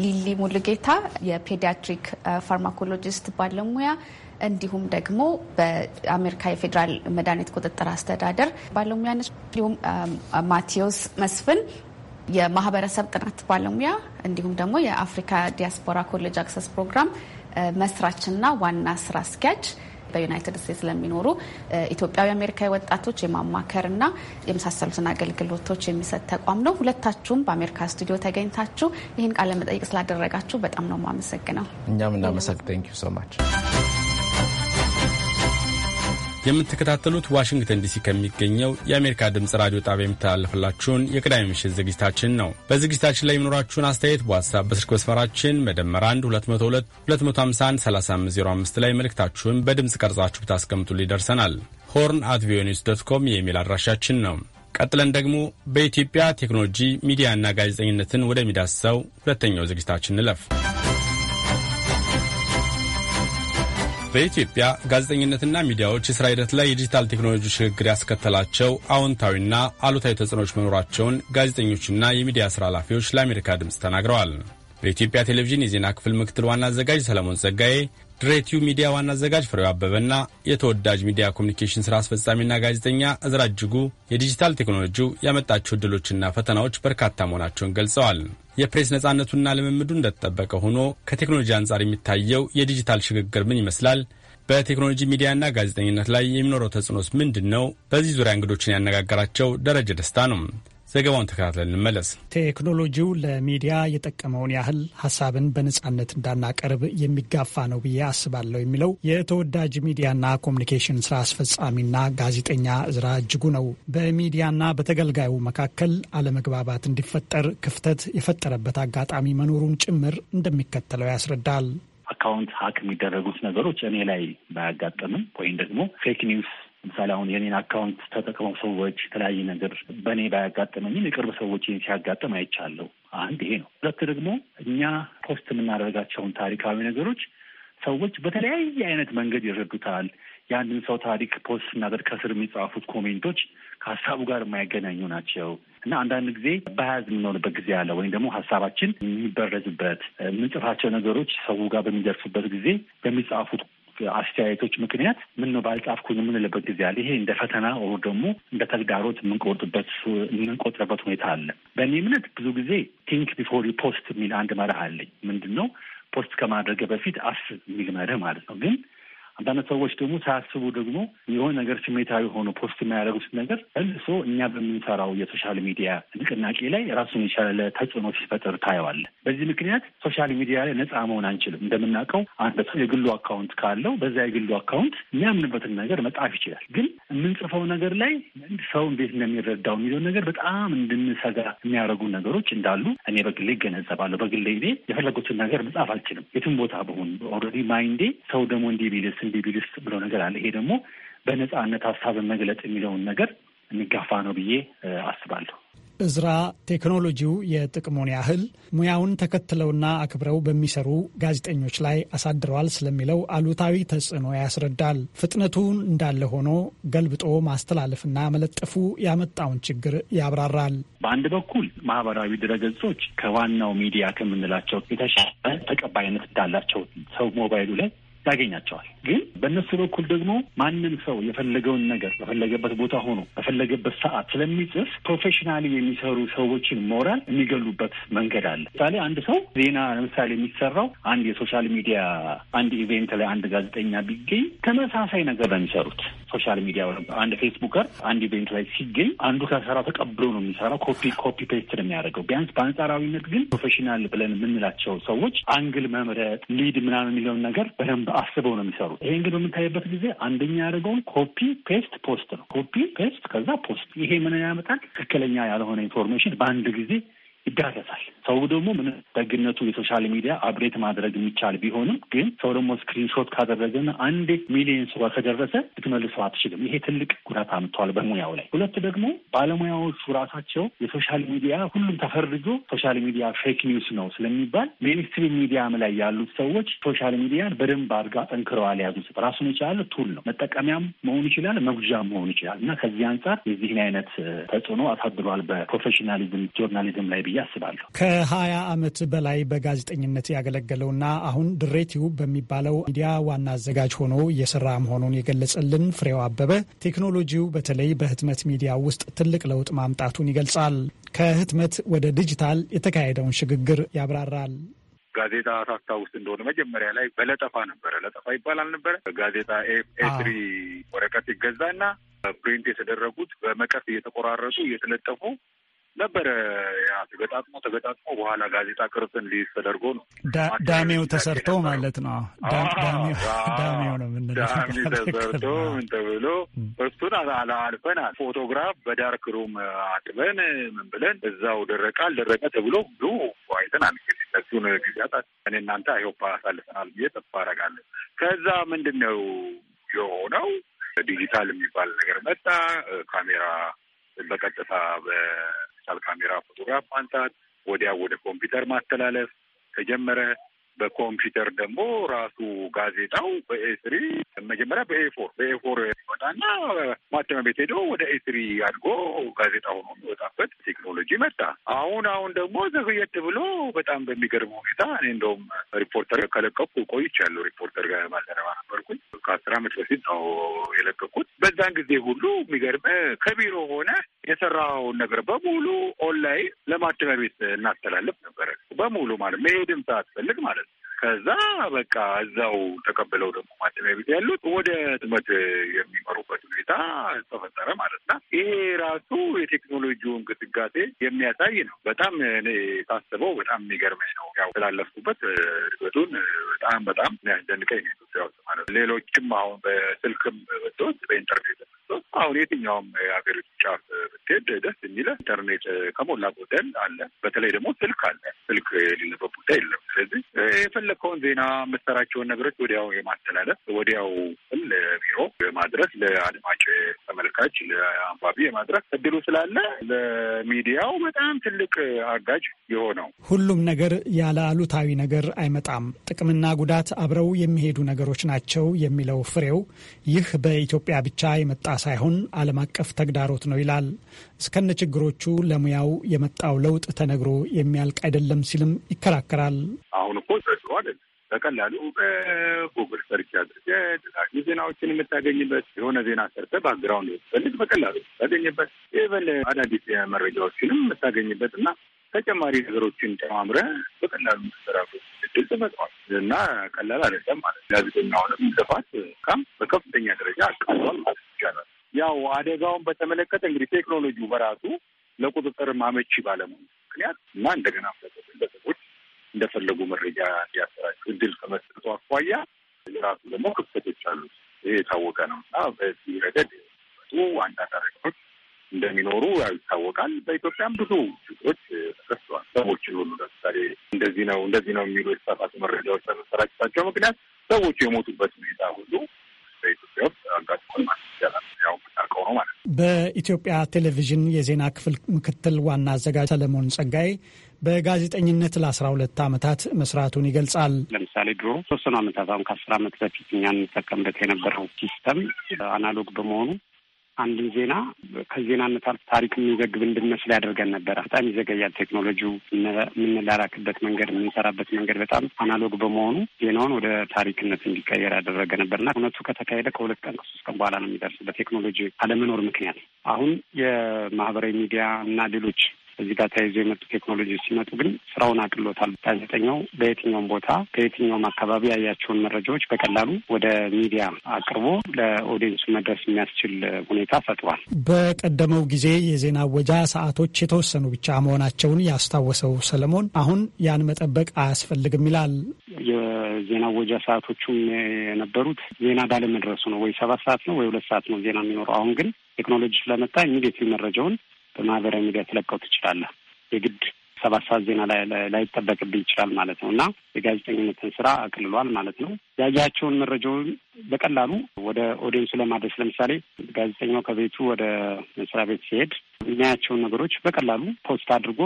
ሊሊ ሙሉጌታ የፔዲያትሪክ ፋርማኮሎጂስት ባለሙያ እንዲሁም ደግሞ በአሜሪካ የፌዴራል መድኃኒት ቁጥጥር አስተዳደር ባለሙያ ነች። እንዲሁም ማቴዎስ መስፍን የማህበረሰብ ጥናት ባለሙያ እንዲሁም ደግሞ የአፍሪካ ዲያስፖራ ኮሌጅ አክሰስ ፕሮግራም መስራችና ዋና ስራ አስኪያጅ በዩናይትድ ስቴትስ ለሚኖሩ ኢትዮጵያዊ አሜሪካዊ ወጣቶች የማማከርና የመሳሰሉትን አገልግሎቶች የሚሰጥ ተቋም ነው። ሁለታችሁም በአሜሪካ ስቱዲዮ ተገኝታችሁ ይህን ቃለ መጠይቅ ስላደረጋችሁ በጣም ነው የማመሰግነው። እኛም እናመሰግ ቴንክ ዩ ሶ ማች የምትከታተሉት ዋሽንግተን ዲሲ ከሚገኘው የአሜሪካ ድምፅ ራዲዮ ጣቢያ የሚተላለፍላችሁን የቅዳሜ ምሽት ዝግጅታችን ነው። በዝግጅታችን ላይ የሚኖራችሁን አስተያየት በዋትሳፕ በስልክ መስመራችን መደመር 1 202 251 3505 ላይ መልእክታችሁን በድምፅ ቀርጻችሁ ብታስቀምጡ ይደርሰናል። ሆርን አት ቪኦኤ ኒውስ ዶት ኮም የኢሜል አድራሻችን ነው። ቀጥለን ደግሞ በኢትዮጵያ ቴክኖሎጂ ሚዲያና ጋዜጠኝነትን ወደሚዳሰው ሁለተኛው ዝግጅታችን እንለፍ። በኢትዮጵያ ጋዜጠኝነትና ሚዲያዎች የስራ ሂደት ላይ የዲጂታል ቴክኖሎጂ ሽግግር ያስከተላቸው አዎንታዊና አሉታዊ ተጽዕኖዎች መኖራቸውን ጋዜጠኞችና የሚዲያ ስራ ኃላፊዎች ለአሜሪካ ድምፅ ተናግረዋል። በኢትዮጵያ ቴሌቪዥን የዜና ክፍል ምክትል ዋና አዘጋጅ ሰለሞን ጸጋዬ፣ ድሬቲዩ ሚዲያ ዋና አዘጋጅ ፍሬው አበበና የተወዳጅ ሚዲያ ኮሚኒኬሽን ስራ አስፈጻሚና ጋዜጠኛ እዝራ እጅጉ የዲጂታል ቴክኖሎጂው ያመጣቸው ድሎችና ፈተናዎች በርካታ መሆናቸውን ገልጸዋል። የፕሬስ ነጻነቱና ልምምዱ እንደተጠበቀ ሆኖ ከቴክኖሎጂ አንጻር የሚታየው የዲጂታል ሽግግር ምን ይመስላል? በቴክኖሎጂ ሚዲያና ጋዜጠኝነት ላይ የሚኖረው ተጽዕኖስ ምንድን ነው? በዚህ ዙሪያ እንግዶችን ያነጋገራቸው ደረጀ ደስታ ነው። ዘገባውን ተከታትለን እንመለስ። ቴክኖሎጂው ለሚዲያ የጠቀመውን ያህል ሀሳብን በነጻነት እንዳናቀርብ የሚጋፋ ነው ብዬ አስባለሁ የሚለው የተወዳጅ ሚዲያና ኮሚኒኬሽን ስራ አስፈጻሚና ጋዜጠኛ እዝራ እጅጉ ነው። በሚዲያና በተገልጋዩ መካከል አለመግባባት እንዲፈጠር ክፍተት የፈጠረበት አጋጣሚ መኖሩን ጭምር እንደሚከተለው ያስረዳል። አካውንት ሀክ የሚደረጉት ነገሮች እኔ ላይ ባያጋጥምም ወይም ደግሞ ፌክ ኒውስ ለምሳሌ አሁን የኔን አካውንት ተጠቅመው ሰዎች የተለያየ ነገር በእኔ ባያጋጥመኝም የቅርብ ሰዎች ሲያጋጥም አይቻለሁ። አንድ ይሄ ነው። ሁለት ደግሞ እኛ ፖስት የምናደርጋቸውን ታሪካዊ ነገሮች ሰዎች በተለያየ አይነት መንገድ ይረዱታል። የአንድን ሰው ታሪክ ፖስት ስናደርግ ከስር የሚጻፉት ኮሜንቶች ከሀሳቡ ጋር የማይገናኙ ናቸው እና አንዳንድ ጊዜ በያዝ የምንሆንበት ጊዜ አለ ወይም ደግሞ ሀሳባችን የሚበረዝበት የምንጽፋቸው ነገሮች ሰው ጋር በሚደርሱበት ጊዜ በሚጻፉት አስተያየቶች ምክንያት ምን ነው ባልጻፍኩኝ የምንልበት ጊዜ አለ። ይሄ እንደ ፈተና ኦር ደግሞ እንደ ተግዳሮት የምንቆጥበት የምንቆጥረበት ሁኔታ አለ። በእኔ እምነት ብዙ ጊዜ ቲንክ ቢፎር ፖስት የሚል አንድ መርህ አለኝ። ምንድን ነው ፖስት ከማድረግ በፊት አስብ የሚል መርህ ማለት ነው ግን አንዳንድ ሰዎች ደግሞ ሳያስቡ ደግሞ የሆነ ነገር ስሜታዊ ሆኖ ፖስት የሚያደርጉት ነገር እልሶ እኛ በምንሰራው የሶሻል ሚዲያ ንቅናቄ ላይ ራሱን የቻለ ተጽዕኖ ሲፈጥር ታየዋለ። በዚህ ምክንያት ሶሻል ሚዲያ ላይ ነጻ መሆን አንችልም። እንደምናውቀው አንድ ሰው የግሉ አካውንት ካለው በዛ የግሉ አካውንት የሚያምንበትን ነገር መጻፍ ይችላል። ግን የምንጽፈው ነገር ላይ ሰው እንዴት እንደሚረዳው የሚለውን ነገር በጣም እንድንሰጋ የሚያደርጉ ነገሮች እንዳሉ እኔ በግሌ ይገነዘባለሁ። በግሌ ጊዜ የፈለጉትን ነገር መጻፍ አልችልም። የትም ቦታ በሆን ኦልሬዲ ማይንዴ ሰው ደግሞ እንዲህ ቢልስ ኢንዲቪድስት ብለው ነገር አለ። ይሄ ደግሞ በነጻነት ሀሳብን መግለጽ የሚለውን ነገር የሚጋፋ ነው ብዬ አስባለሁ። እዝራ ቴክኖሎጂው የጥቅሙን ያህል ሙያውን ተከትለውና አክብረው በሚሰሩ ጋዜጠኞች ላይ አሳድረዋል ስለሚለው አሉታዊ ተጽዕኖ ያስረዳል። ፍጥነቱን እንዳለ ሆኖ ገልብጦ ማስተላለፍና መለጠፉ ያመጣውን ችግር ያብራራል። በአንድ በኩል ማህበራዊ ድረገጾች ከዋናው ሚዲያ ከምንላቸው የተሻለ ተቀባይነት እንዳላቸው ሰው ሞባይሉ ላይ ያገኛቸዋል። ግን በእነሱ በኩል ደግሞ ማንም ሰው የፈለገውን ነገር በፈለገበት ቦታ ሆኖ በፈለገበት ሰዓት ስለሚጽፍ ፕሮፌሽናሊ የሚሰሩ ሰዎችን ሞራል የሚገሉበት መንገድ አለ። ምሳሌ አንድ ሰው ዜና ለምሳሌ የሚሰራው አንድ የሶሻል ሚዲያ አንድ ኢቬንት ላይ አንድ ጋዜጠኛ ቢገኝ ተመሳሳይ ነገር በሚሰሩት የሚሰሩት። ሶሻል ሚዲያ አንድ ፌስቡከር አንድ ኢቬንት ላይ ሲገኝ አንዱ ከሰራ ተቀብሎ ነው የሚሰራው። ኮፒ ኮፒ ፔስት ነው የሚያደርገው። ቢያንስ በአንጻራዊነት ግን ፕሮፌሽናል ብለን የምንላቸው ሰዎች አንግል መምረጥ፣ ሊድ ምናምን የሚለውን ነገር በደንብ አስበው ነው የሚሰሩት። ይሄን ግን በምታይበት ጊዜ አንደኛ ያደርገውን ኮፒ ፔስት ፖስት ነው። ኮፒ ፔስት ከዛ ፖስት። ይሄ ምን ያመጣል? ትክክለኛ ያልሆነ ኢንፎርሜሽን በአንድ ጊዜ ይዳረሳል። ሰው ደግሞ ምን ደግነቱ የሶሻል ሚዲያ አብሬት ማድረግ የሚቻል ቢሆንም ግን ሰው ደግሞ ስክሪንሾት ካደረገና አንዴ ሚሊዮን ሰው ከደረሰ ልትመልሰው አትችልም። ይሄ ትልቅ ጉዳት አምጥቷል በሙያው ላይ። ሁለት ደግሞ ባለሙያዎቹ ራሳቸው የሶሻል ሚዲያ ሁሉም ተፈርጆ ሶሻል ሚዲያ ፌክ ኒውስ ነው ስለሚባል ሜንስትሪም ሚዲያም ላይ ያሉት ሰዎች ሶሻል ሚዲያን በደንብ አድርጋ ጠንክረዋል የያዙት። ራሱን የቻለ ቱል ነው፣ መጠቀሚያም መሆን ይችላል፣ መጉጃ መሆን ይችላል እና ከዚህ አንጻር የዚህን አይነት ተጽዕኖ አሳድሯል በፕሮፌሽናሊዝም ጆርናሊዝም ላይ ብዬ አስባለሁ። ከ20 ዓመት በላይ በጋዜጠኝነት ያገለገለውና አሁን ድሬቲው በሚባለው ሚዲያ ዋና አዘጋጅ ሆኖ እየሰራ መሆኑን የገለጸልን ፍሬው አበበ ቴክኖሎጂው በተለይ በህትመት ሚዲያ ውስጥ ትልቅ ለውጥ ማምጣቱን ይገልጻል። ከህትመት ወደ ዲጂታል የተካሄደውን ሽግግር ያብራራል። ጋዜጣ ታስታውስ እንደሆነ መጀመሪያ ላይ በለጠፋ ነበረ። ለጠፋ ይባላል ነበረ ጋዜጣ ኤትሪ ወረቀት ይገዛና ፕሪንት የተደረጉት በመቀስ እየተቆራረጡ እየተለጠፉ ነበረ ተገጣጥሞ ተገጣጥሞ በኋላ ጋዜጣ ቅርጽ እንዲይዝ ተደርጎ ነው ዳሜው ተሰርቶ ማለት ነው። ዳሜው ነው ዳሜ ተሰርቶ ምን ተብሎ እሱን አልፈናል። ፎቶግራፍ በዳርክ ሩም አጥበን ምን ብለን እዛው ደረቃል ደረቀ ተብሎ ብዙ አይተናል። እሱን ጊዜያት እኔ እናንተ አይሆፓ አሳልፈናል ብዬ ጠፋ አደርጋለሁ። ከዛ ምንድን ነው የሆነው? ዲጂታል የሚባል ነገር መጣ። ካሜራ በቀጥታ ዲጂታል ካሜራ ፎቶግራፍ ማንሳት፣ ወዲያ ወደ ኮምፒውተር ማስተላለፍ ተጀመረ። በኮምፒውተር ደግሞ ራሱ ጋዜጣው በኤስሪ መጀመሪያ በኤፎር በኤፎር ይወጣና ማተሚያ ቤት ሄዶ ወደ ኤስሪ አድጎ ጋዜጣ ሆኖ የሚወጣበት ቴክኖሎጂ መጣ። አሁን አሁን ደግሞ ዘግየት ብሎ በጣም በሚገርም ሁኔታ እኔ እንደውም ሪፖርተር ከለቀኩ ቆይቻለሁ። ሪፖርተር ጋር ባልደረባ ነበርኩኝ። ከአስር ዓመት በፊት ነው የለቀቁት። በዛን ጊዜ ሁሉ የሚገርም ከቢሮ ሆነ የሰራውን ነገር በሙሉ ኦንላይን ለማተሚያ ቤት እናስተላልፍ ነበረ። በሙሉ ማለት መሄድም ሳትፈልግ ማለት ነው። ከዛ በቃ እዛው ተቀብለው ደግሞ ማተሚያ ቤት ያሉት ወደ ህትመት የሚመሩበት ሁኔታ ተፈጠረ ማለት ነው። ይሄ ራሱ የቴክኖሎጂው እንቅስቃሴ የሚያሳይ ነው። በጣም እኔ ሳስበው በጣም የሚገርመኝ ነው። ያው ስላለፍኩበት እድገቱን በጣም በጣም የሚያስደንቀኝ ነው ኢትዮጵያ ውስጥ ማለት ሌሎችም አሁን በስልክም ብትወስድ በኢንተርኔት አሁን የትኛውም የሀገሪቱ ጫፍ ብትሄድ ደስ የሚለ ኢንተርኔት ከሞላ ጎደል አለ። በተለይ ደግሞ ስልክ አለ። ስልክ የሌለበት ቦታ የለም። ስለዚህ የፈለግከውን ዜና የምትሰራቸውን ነገሮች ወዲያው የማስተላለፍ ወዲያው ለቢሮ የማድረስ ለአድማጭ ተመልካች ለአንባቢ የማድረስ እድሉ ስላለ ለሚዲያው በጣም ትልቅ አጋጅ የሆነው ሁሉም ነገር ያለ አሉታዊ ነገር አይመጣም። ጥቅምና ጉዳት አብረው የሚሄዱ ነገሮች ናቸው የሚለው ፍሬው ይህ በኢትዮጵያ ብቻ የመጣ ሳይሆን ዓለም አቀፍ ተግዳሮት ነው ይላል። እስከነ ችግሮቹ ለሙያው የመጣው ለውጥ ተነግሮ የሚያልቅ አይደለም ሲልም ይከራከራል። አሁን እኮ ተድሮ አይደለም በቀላሉ በጉግል ሰርች አድርገ ደጋጊ ዜናዎችን የምታገኝበት የሆነ ዜና ሰርተ ባክግራውንድ የምትፈልግ በቀላሉ ታገኝበት ይበል አዳዲስ መረጃዎችንም የምታገኝበት እና ተጨማሪ ነገሮችን ጨማምረ በቀላሉ የምትሰራበት እድል ተፈጥሯል እና ቀላል አይደለም ማለት ጋዜጠኛውንም ልፋት ካም በከፍተኛ ደረጃ አቃሏል ማለት ያው አደጋውን በተመለከተ እንግዲህ ቴክኖሎጂ በራሱ ለቁጥጥር ማመቺ ባለመሆኑ ምክንያት እና እንደገና ግለሰቦች እንደፈለጉ መረጃ እንዲያሰራጩ እድል ከመስጠቱ አኳያ ራሱ ደግሞ ክፍተቶች አሉት። ይህ የታወቀ ነው እና በዚህ ረገድ ቱ አንዳንድ አደጋዎች እንደሚኖሩ ይታወቃል። በኢትዮጵያም ብዙ ችግሮች ተከስተዋል። ሰዎችን ሁሉ ለምሳሌ እንደዚህ ነው እንደዚህ ነው የሚሉ የተሳሳቱ መረጃዎች በመሰራጨታቸው ምክንያት ሰዎቹ የሞቱበት ሁኔታ ሁሉ በኢትዮጵያ ቴሌቪዥን የዜና ክፍል ምክትል ዋና አዘጋጅ ሰለሞን ጸጋይ በጋዜጠኝነት ለ12 ዓመታት መስራቱን ይገልጻል። ለምሳሌ ድሮ ሶስት ዓመታት አሁን ከአስር ዓመት በፊት እኛ እንጠቀምበት የነበረው ሲስተም አናሎግ በመሆኑ አንድን ዜና ከዜናነት አልፎ ታሪክ የሚዘግብ እንድንመስል ያደርገን ነበረ። በጣም ይዘገያል ቴክኖሎጂው። የምንላላክበት መንገድ፣ የምንሰራበት መንገድ በጣም አናሎግ በመሆኑ ዜናውን ወደ ታሪክነት እንዲቀየር ያደረገ ነበርና እውነቱ ከተካሄደ ከሁለት ቀን ከሶስት ቀን በኋላ ነው የሚደርስ በቴክኖሎጂ አለመኖር ምክንያት አሁን የማህበራዊ ሚዲያ እና ሌሎች እዚህ ጋር ተያይዞ የመጡ ቴክኖሎጂዎች ሲመጡ ግን ስራውን አቅሎታል። ጋዜጠኛው በየትኛውም ቦታ ከየትኛውም አካባቢ ያያቸውን መረጃዎች በቀላሉ ወደ ሚዲያ አቅርቦ ለኦዲየንሱ መድረስ የሚያስችል ሁኔታ ፈጥሯል። በቀደመው ጊዜ የዜና ወጃ ሰዓቶች የተወሰኑ ብቻ መሆናቸውን ያስታወሰው ሰለሞን አሁን ያን መጠበቅ አያስፈልግም ይላል። የዜና ወጃ ሰዓቶቹም የነበሩት ዜና ባለመድረሱ ነው። ወይ ሰባት ሰዓት ነው ወይ ሁለት ሰዓት ነው ዜና የሚኖረው። አሁን ግን ቴክኖሎጂ ስለመጣ ኢሚዲየትሊ መረጃውን በማህበራዊ ሚዲያ ትለቀው ትችላለህ። የግድ ሰባት ሰዓት ዜና ላይጠበቅብኝ ይችላል ማለት ነው እና የጋዜጠኝነትን ስራ አቅልሏል ማለት ነው። ያያቸውን መረጃውን በቀላሉ ወደ ኦዲየንሱ ለማድረስ ለምሳሌ ጋዜጠኛው ከቤቱ ወደ መስሪያ ቤት ሲሄድ የሚያያቸውን ነገሮች በቀላሉ ፖስት አድርጎ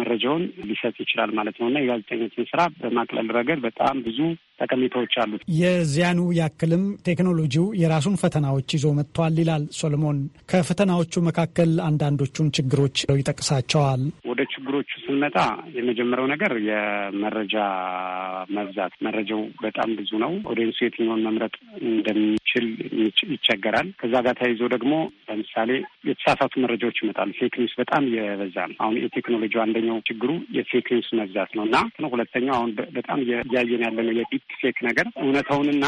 መረጃውን ሊሰጥ ይችላል ማለት ነው እና የጋዜጠኞችን ስራ በማቅለል ረገድ በጣም ብዙ ጠቀሜታዎች አሉት። የዚያኑ ያክልም ቴክኖሎጂው የራሱን ፈተናዎች ይዞ መጥቷል ይላል ሶሎሞን። ከፈተናዎቹ መካከል አንዳንዶቹን ችግሮች ይጠቅሳቸዋል። ወደ ችግሮቹ ስንመጣ የመጀመሪያው ነገር የመረጃ መብዛት፣ መረጃው በጣም ብዙ ነው። ኦዲየንሱ የትኛውን መምረጥ እንደሚችል ይቸገራል። ከዛ ጋር ተያይዞ ደግሞ ለምሳሌ የተሳሳቱ መረጃዎች ይመጣሉ። ፌክ ኒውስ በጣም የበዛ ነው። አሁን የቴክኖሎጂ አንደኛው ችግሩ የፌክ ኒውስ መብዛት ነው እና ሁለተኛው አሁን በጣም እያየን ያለ ነው የዲፕ ፌክ ነገር እውነታውንና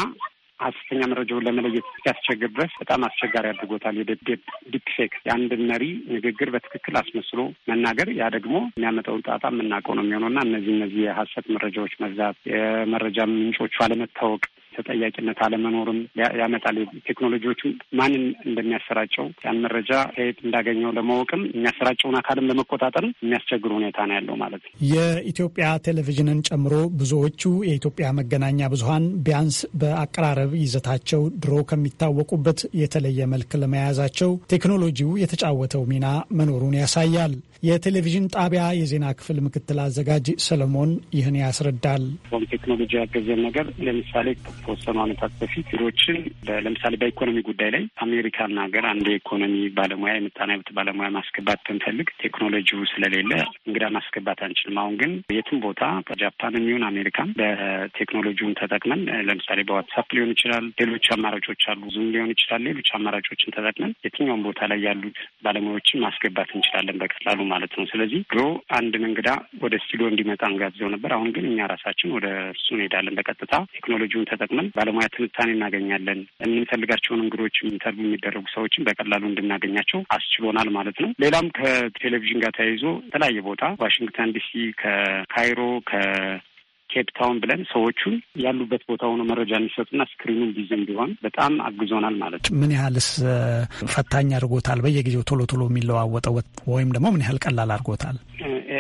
ሀሰተኛ መረጃውን ለመለየት እስኪያስቸግር ድረስ በጣም አስቸጋሪ አድርጎታል። የዲፕፌክ የአንድን መሪ ንግግር በትክክል አስመስሎ መናገር፣ ያ ደግሞ የሚያመጣውን ጣጣ የምናውቀው ነው የሚሆነው እና እነዚህ እነዚህ የሀሰት መረጃዎች መዛት፣ የመረጃ ምንጮቹ አለመታወቅ፣ ተጠያቂነት አለመኖርም ያመጣል። ቴክኖሎጂዎቹ ማንን እንደሚያሰራጨው ያን መረጃ ከየት እንዳገኘው ለማወቅም የሚያሰራጨውን አካልም ለመቆጣጠርም የሚያስቸግር ሁኔታ ነው ያለው ማለት ነው። የኢትዮጵያ ቴሌቪዥንን ጨምሮ ብዙዎቹ የኢትዮጵያ መገናኛ ብዙኃን ቢያንስ በአቀራረብ ይዘታቸው ድሮ ከሚታወቁበት የተለየ መልክ ለመያዛቸው ቴክኖሎጂው የተጫወተው ሚና መኖሩን ያሳያል። የቴሌቪዥን ጣቢያ የዜና ክፍል ምክትል አዘጋጅ ሰለሞን ይህን ያስረዳል። ቴክኖሎጂ ያገዘን ነገር ለምሳሌ ከተወሰኑ ዓመታት በፊት ሮችን ለምሳሌ በኢኮኖሚ ጉዳይ ላይ አሜሪካና ሀገር አንድ የኢኮኖሚ ባለሙያ የምጣኔ ሀብት ባለሙያ ማስገባት ብንፈልግ ቴክኖሎጂው ስለሌለ እንግዳ ማስገባት አንችልም። አሁን ግን የትም ቦታ ጃፓን የሚሆን አሜሪካን በቴክኖሎጂውን ተጠቅመን ለምሳሌ በዋትሳፕ ሊሆን ይችላል፣ ሌሎች አማራጮች አሉ፣ ዙም ሊሆን ይችላል፣ ሌሎች አማራጮችን ተጠቅመን የትኛውም ቦታ ላይ ያሉት ባለሙያዎችን ማስገባት እንችላለን በቀላሉ ማለት ነው። ስለዚህ ድሮ አንድን እንግዳ ወደ ስቱዲዮ እንዲመጣ እንጋብዘው ነበር። አሁን ግን እኛ ራሳችን ወደ እሱ እንሄዳለን። በቀጥታ ቴክኖሎጂውን ተጠቅመን ባለሙያ ትንታኔ እናገኛለን። የምንፈልጋቸውን እንግዶች ኢንተርቪው የሚደረጉ ሰዎችን በቀላሉ እንድናገኛቸው አስችሎናል ማለት ነው። ሌላም ከቴሌቪዥን ጋር ተያይዞ የተለያየ ቦታ ዋሽንግተን ዲሲ፣ ከካይሮ፣ ኬፕ ታውን ብለን ሰዎቹ ያሉበት ቦታ ሆኖ መረጃ እንዲሰጡና ስክሪኑን ቢዚ እንዲሆን በጣም አግዞናል ማለት ነው። ምን ያህልስ ፈታኝ አድርጎታል? በየጊዜው ቶሎ ቶሎ የሚለዋወጠው ወይም ደግሞ ምን ያህል ቀላል አድርጎታል?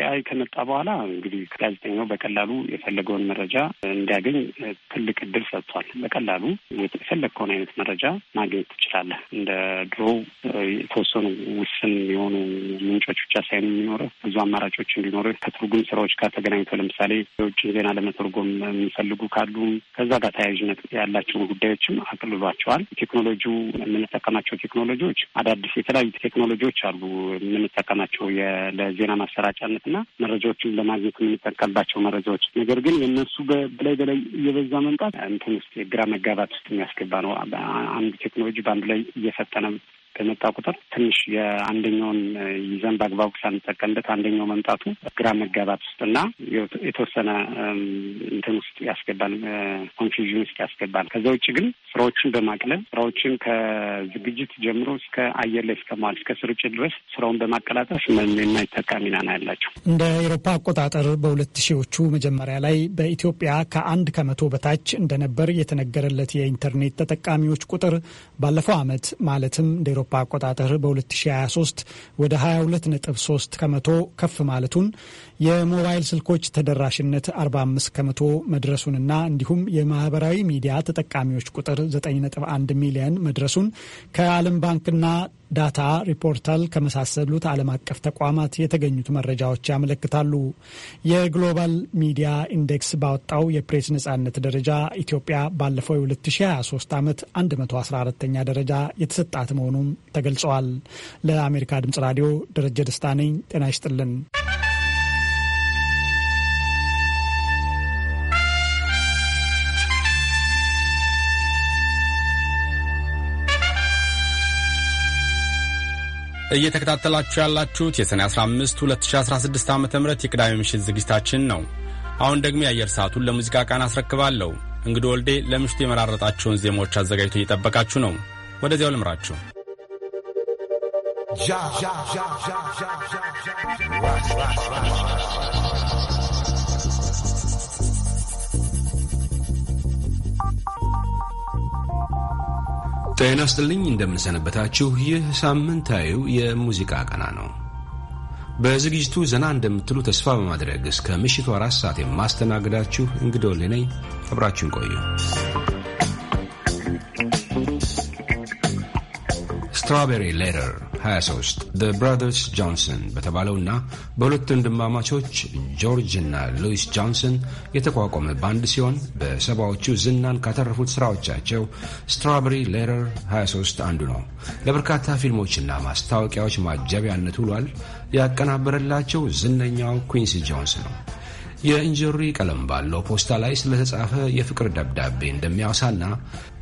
ኤአይ ከመጣ በኋላ እንግዲህ ጋዜጠኛው በቀላሉ የፈለገውን መረጃ እንዲያገኝ ትልቅ እድል ሰጥቷል። በቀላሉ የፈለግከውን አይነት መረጃ ማግኘት ትችላለህ። እንደ ድሮ የተወሰኑ ውስን የሆኑ ምንጮች ብቻ ሳይሆን የሚኖረው ብዙ አማራጮች እንዲኖር ከትርጉም ስራዎች ጋር ተገናኝቶ ለምሳሌ የውጭ ዜና ለመተርጎም የሚፈልጉ ካሉ ከዛ ጋር ተያያዥነት ያላቸውን ጉዳዮችም አቅልሏቸዋል። ቴክኖሎጂው የምንጠቀማቸው ቴክኖሎጂዎች አዳዲስ የተለያዩ ቴክኖሎጂዎች አሉ የምንጠቀማቸው ለዜና ማሰራጫነት እና መረጃዎችን ለማግኘት የምንጠቀምባቸው መረጃዎች። ነገር ግን የእነሱ በላይ በላይ እየበዛ መምጣት እንትን ውስጥ የግራ መጋባት ውስጥ የሚያስገባ ነው። አንድ ቴክኖሎጂ በአንዱ ላይ እየፈጠነ በመጣ ቁጥር ትንሽ የአንደኛውን ይዘን በአግባቡ ሳንጠቀምበት አንደኛው መምጣቱ ግራ መጋባት ውስጥ እና የተወሰነ እንትን ውስጥ ያስገባል፣ ኮንፊውዥን ውስጥ ያስገባል። ከዛ ውጭ ግን ስራዎችን በማቅለል ስራዎችን ከዝግጅት ጀምሮ እስከ አየር ላይ እስከ መዋል እስከ ስርጭት ድረስ ስራውን በማቀላጠፍ የማይተካ ሚና ነው ያላቸው። እንደ አውሮፓ አቆጣጠር በሁለት ሺዎቹ መጀመሪያ ላይ በኢትዮጵያ ከአንድ ከመቶ በታች እንደነበር የተነገረለት የኢንተርኔት ተጠቃሚዎች ቁጥር ባለፈው አመት ማለትም እንደ አውሮፓ አቆጣጠር በ2023 ወደ 22.3 ከመቶ ከፍ ማለቱን የሞባይል ስልኮች ተደራሽነት 45 ከመቶ መድረሱንና እንዲሁም የማህበራዊ ሚዲያ ተጠቃሚዎች ቁጥር 9.1 ሚሊዮን መድረሱን ከዓለም ባንክና ዳታ ሪፖርታል ከመሳሰሉት ዓለም አቀፍ ተቋማት የተገኙት መረጃዎች ያመለክታሉ። የግሎባል ሚዲያ ኢንዴክስ ባወጣው የፕሬስ ነጻነት ደረጃ ኢትዮጵያ ባለፈው የ2023 ዓመት 114ኛ ደረጃ የተሰጣት መሆኑን መሆኑም ተገልጸዋል። ለአሜሪካ ድምጽ ራዲዮ ደረጀ ደስታ ነኝ። ጤና ይስጥልን። እየተከታተላችሁ ያላችሁት የሰኔ 15 2016 ዓ ም የቅዳሜ ምሽት ዝግጅታችን ነው። አሁን ደግሞ የአየር ሰዓቱን ለሙዚቃ ቃን አስረክባለሁ። እንግዲህ ወልዴ ለምሽቱ የመራረጣቸውን ዜማዎች አዘጋጅቶ እየጠበቃችሁ ነው። ወደዚያው ልምራችሁ። já, já, já, já, já, já, já. ጤና ይስጥልኝ እንደምንሰነበታችሁ። ይህ ሳምንታዊው የሙዚቃ ቀና ነው። በዝግጅቱ ዘና እንደምትሉ ተስፋ በማድረግ እስከ ምሽቱ አራት ሰዓት የማስተናግዳችሁ እንግዶልኔ ነኝ። አብራችሁን ቆዩ። ስትራቤሪ ሌተር 23 ዘ ብራዘርስ ጆንሰን በተባለውና በሁለት ወንድማማቾች ጆርጅ እና ሉዊስ ጆንሰን የተቋቋመ ባንድ ሲሆን በሰባዎቹ ዝናን ካተረፉት ሥራዎቻቸው ስትራቤሪ ሌተር 23 አንዱ ነው። ለበርካታ ፊልሞችና ማስታወቂያዎች ማጀቢያነት ውሏል። ያቀናበረላቸው ዝነኛው ኩዊንሲ ጆንስ ነው። የእንጆሪ ቀለም ባለው ፖስታ ላይ ስለተጻፈ የፍቅር ደብዳቤ እንደሚያወሳና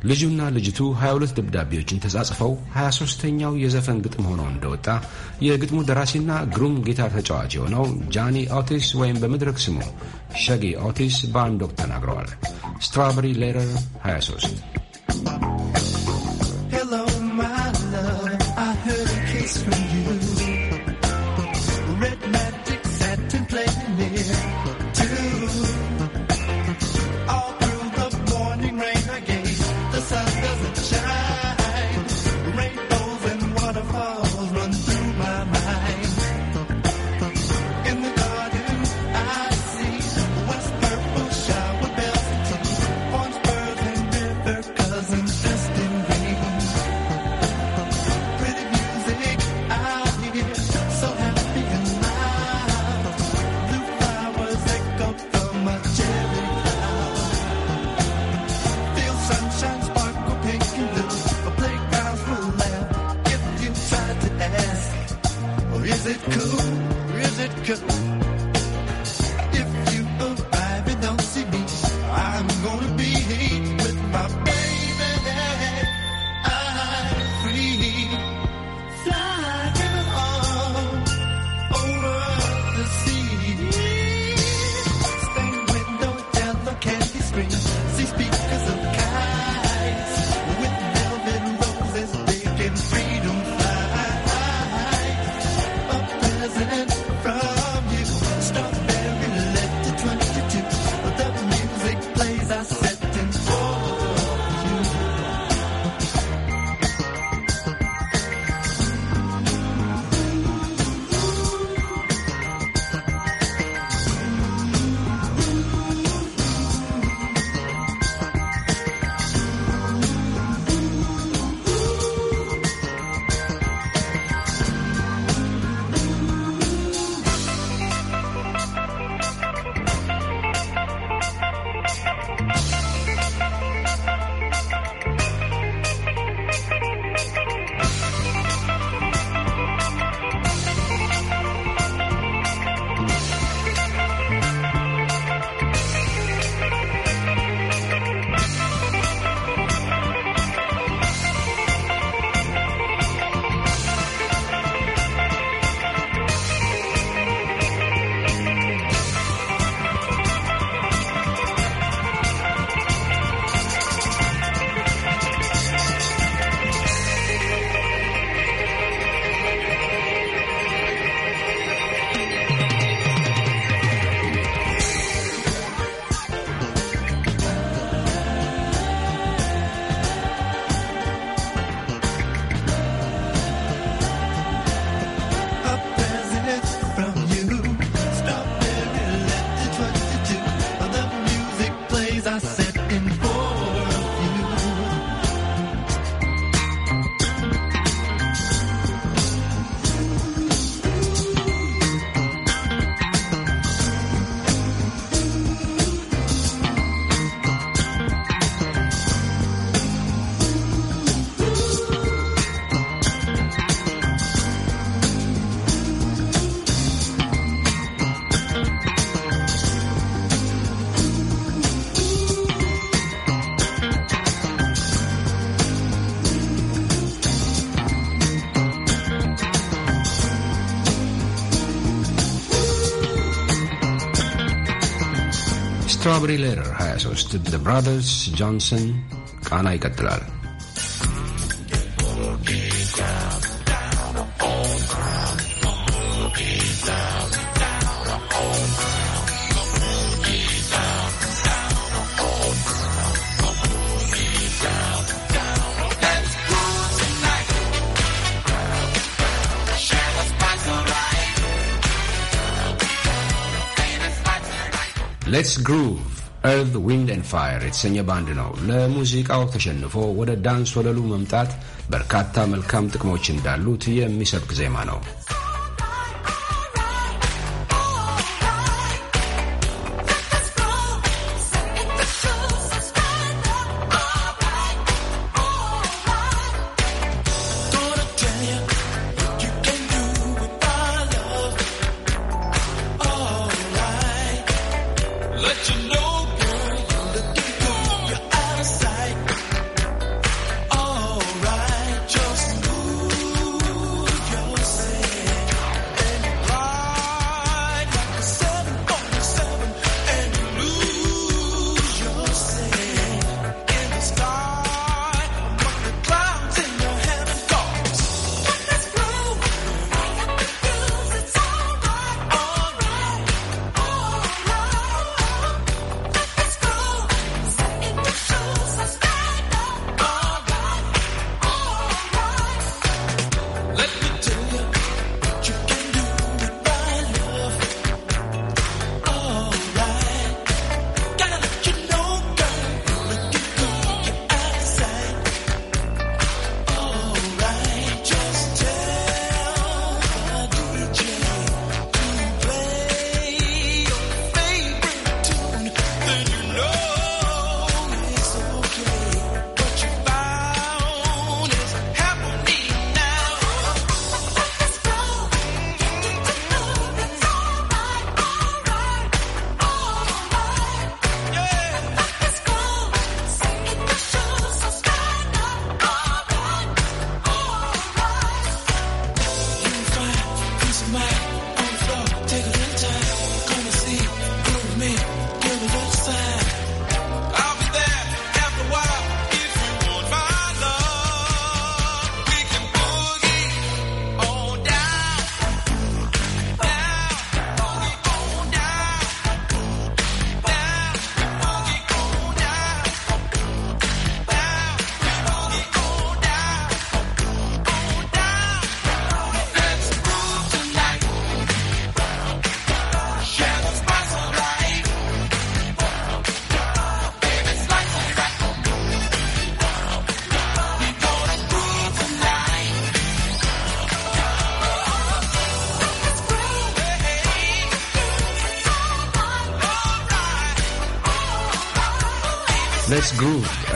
ልጁና ልጅቱ 22 ደብዳቤዎችን ተጻጽፈው 23ኛው የዘፈን ግጥም ሆኖ እንደወጣ የግጥሙ ደራሲና ግሩም ጊታር ተጫዋች የሆነው ጃኒ ኦቲስ ወይም በመድረክ ስሙ ሸጌ ኦቲስ በአንድ ወቅት ተናግረዋል። ስትራበሪ ሌረር 23 ስትራበሪ ሌደር 23 ዘ ብራዘርስ ጆንሰን ቃና ይቀጥላል። ሌትስ ግሩቭ ኤርዝ ዊንድ ኤንድ ፋየር የተሰኘ ባንድ ነው። ለሙዚቃው ተሸንፎ ወደ ዳንስ ወለሉ መምጣት በርካታ መልካም ጥቅሞች እንዳሉት የሚሰብክ ዜማ ነው።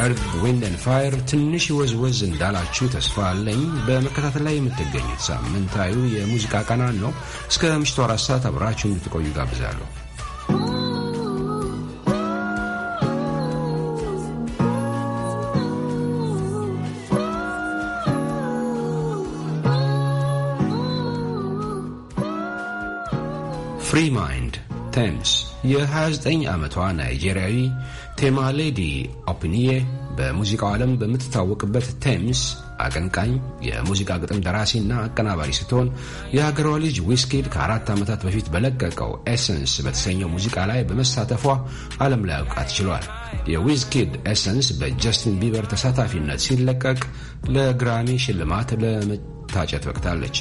ኤርት ዊንድ ኤንድ ፋየር ትንሽ ወዝወዝ እንዳላችሁ ተስፋ አለኝ። በመከታተል ላይ የምትገኙት ሳምንታዊ የሙዚቃ ቀናን ነው። እስከ ምሽቱ አራት ሰዓት አብራችሁ እንድትቆዩ ጋብዛለሁ። ፍሪ ማይንድ ቴምስ የ29 ዓመቷ ናይጄሪያዊ ቴማሌዲ ኦፕኒዬ በሙዚቃው ዓለም በምትታወቅበት ቴምስ አቀንቃኝ፣ የሙዚቃ ግጥም ደራሲና አቀናባሪ ስትሆን የሀገሯ ልጅ ዊስኪድ ከአራት ዓመታት በፊት በለቀቀው ኤሰንስ በተሰኘው ሙዚቃ ላይ በመሳተፏ ዓለም ላይ አውቃት ችሏል። የዊዝኪድ ኤሰንስ በጀስቲን ቢበር ተሳታፊነት ሲለቀቅ ለግራሚ ሽልማት ለመታጨት በቅታለች።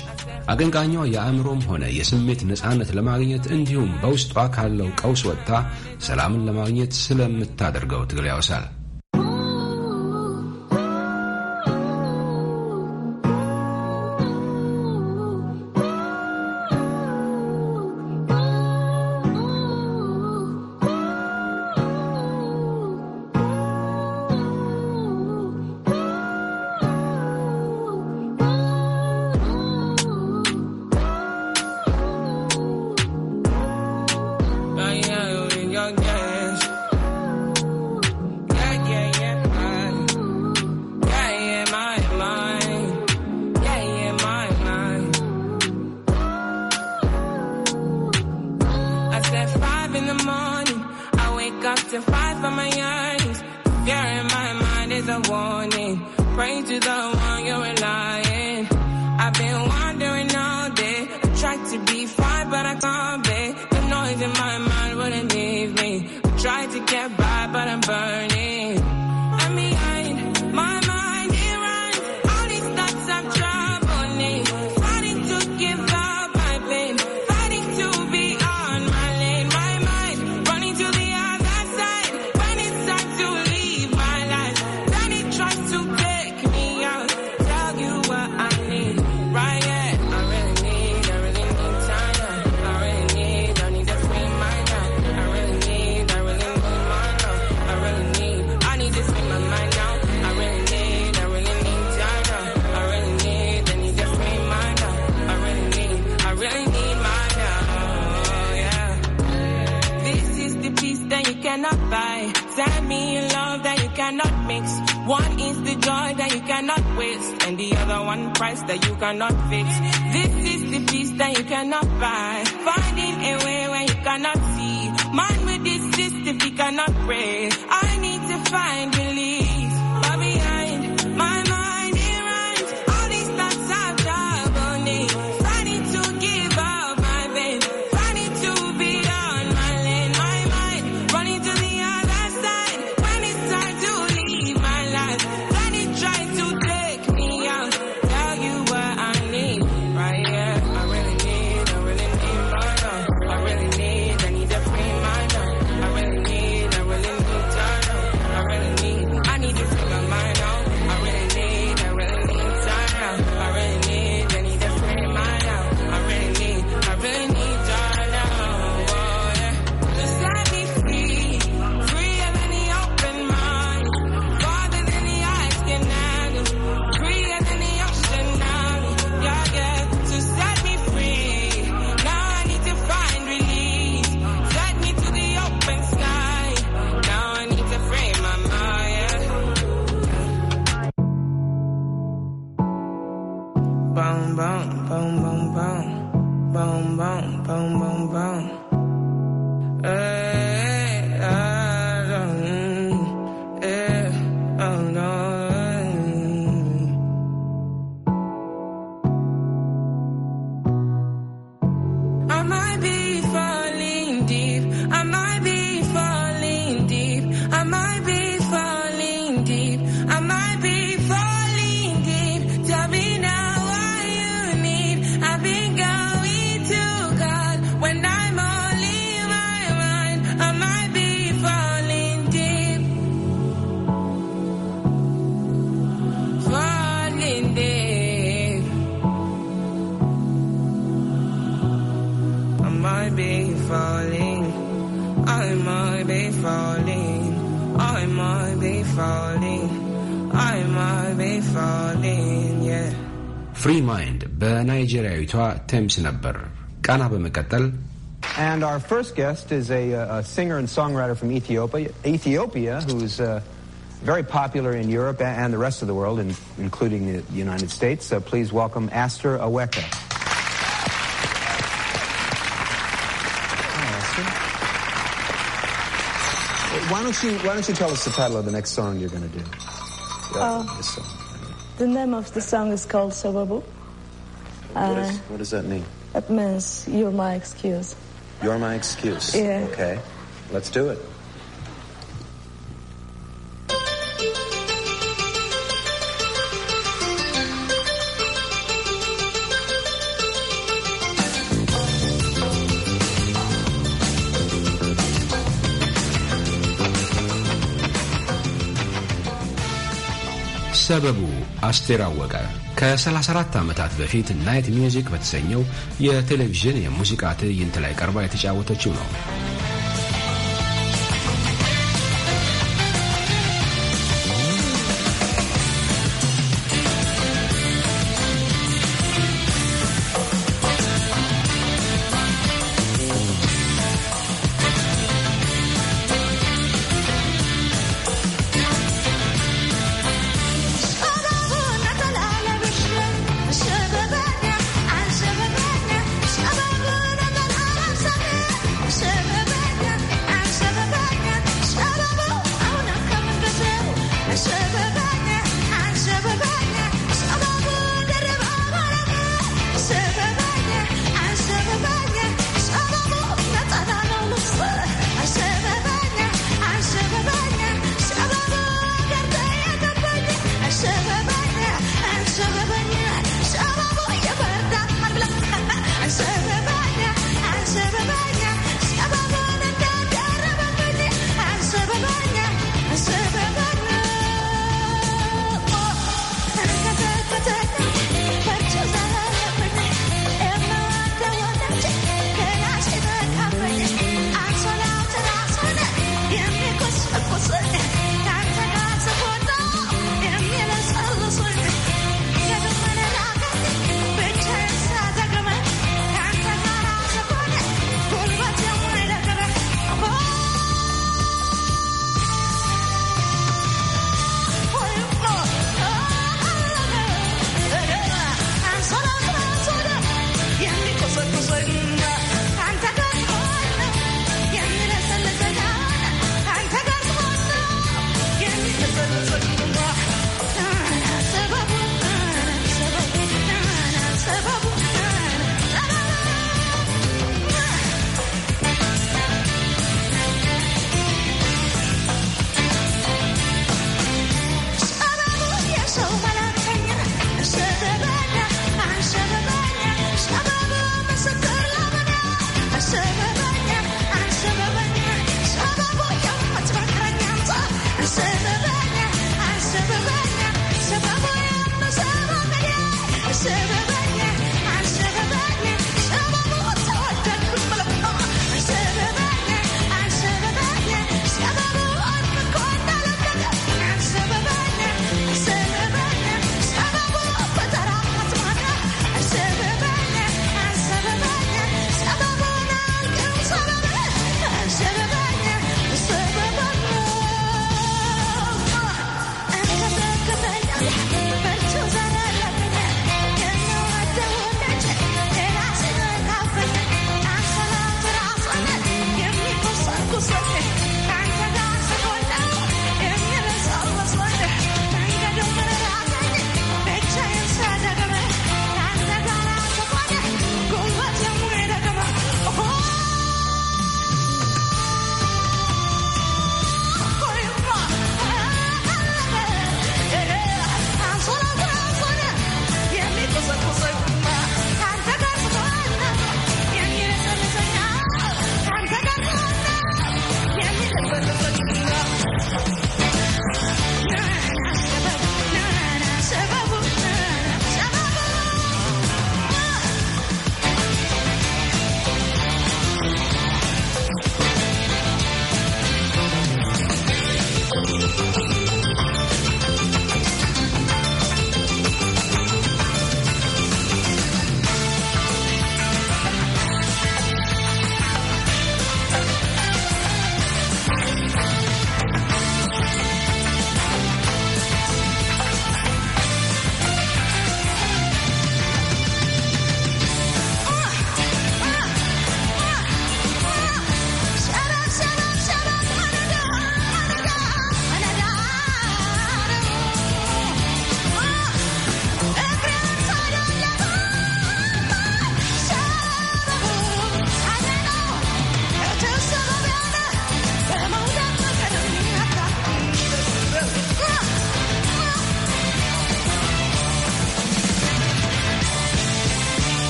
አቀንቃኟ የአእምሮም ሆነ የስሜት ነፃነት ለማግኘት እንዲሁም በውስጧ ካለው ቀውስ ወጥታ ሰላምን ለማግኘት ስለምታደርገው ትግል ያወሳል። boom, boom, boom, boom, boom, boom, boom, boom, boom, boom. Hey. Eh. ፍሪ ማይንድ በናይጄሪያዊቷ ቴምስ ነበር። ቃና በመቀጠል And our first guest is a, a singer and songwriter from Ethiopia, Ethiopia who's uh, very popular in Europe and the rest of the world, in, including the United States. please welcome Aster Aweka. Why don't you Why don't you tell us the title of the next song you're going to do? Uh, this song. The name of the song is called Sababu. what uh, does that mean? It means You're My Excuse. You're My Excuse? Yeah. Okay. Let's do it. ሰበቡ አስቴር አወቀ ከ34 ዓመታት በፊት ናይት ሚውዚክ በተሰኘው የቴሌቪዥን የሙዚቃ ትዕይንት ላይ ቀርባ የተጫወተችው ነው።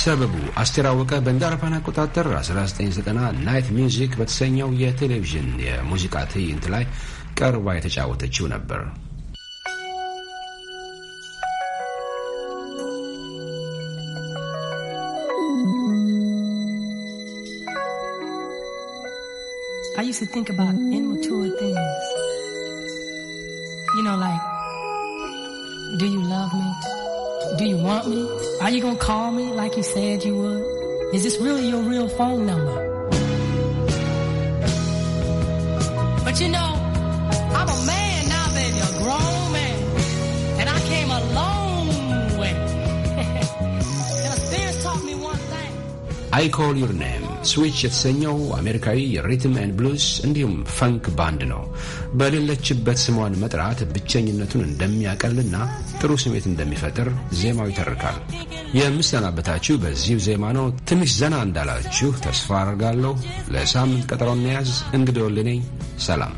ሰበቡ አስቴር አወቀ በእንደ አውሮፓውያን አቆጣጠር 1990 ላይት ሚውዚክ በተሰኘው የቴሌቪዥን የሙዚቃ ትዕይንት ላይ ቀርባ የተጫወተችው ነበር። I used to think about immature things. You know, like Are you gonna call me like you said you would? Is this really your real phone number? But you know, I'm a man now, baby, a grown man. And I came a long way. and a taught me one thing. I call your name. ስዊች የተሰኘው አሜሪካዊ የሪትም ኤን ብሉስ እንዲሁም ፈንክ ባንድ ነው። በሌለችበት ስሟን መጥራት ብቸኝነቱን እንደሚያቀልና ጥሩ ስሜት እንደሚፈጥር ዜማው ይተርካል። የምሰናበታችሁ በዚሁ ዜማ ነው። ትንሽ ዘና እንዳላችሁ ተስፋ አድርጋለሁ። ለሳምንት ቀጠሮ እናያዝ። እንግዲህ ሰላም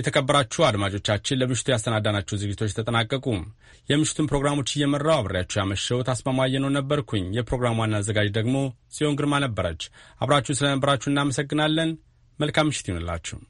የተከበራችሁ አድማጮቻችን ለምሽቱ ያሰናዳናችሁ ዝግጅቶች ተጠናቀቁ። የምሽቱን ፕሮግራሞች እየመራው አብሬያችሁ ያመሸሁት አስማማየ ነው ነበርኩኝ። የፕሮግራሙ ዋና አዘጋጅ ደግሞ ጽዮን ግርማ ነበረች። አብራችሁ ስለነበራችሁ እናመሰግናለን። መልካም ምሽት ይሁንላችሁ።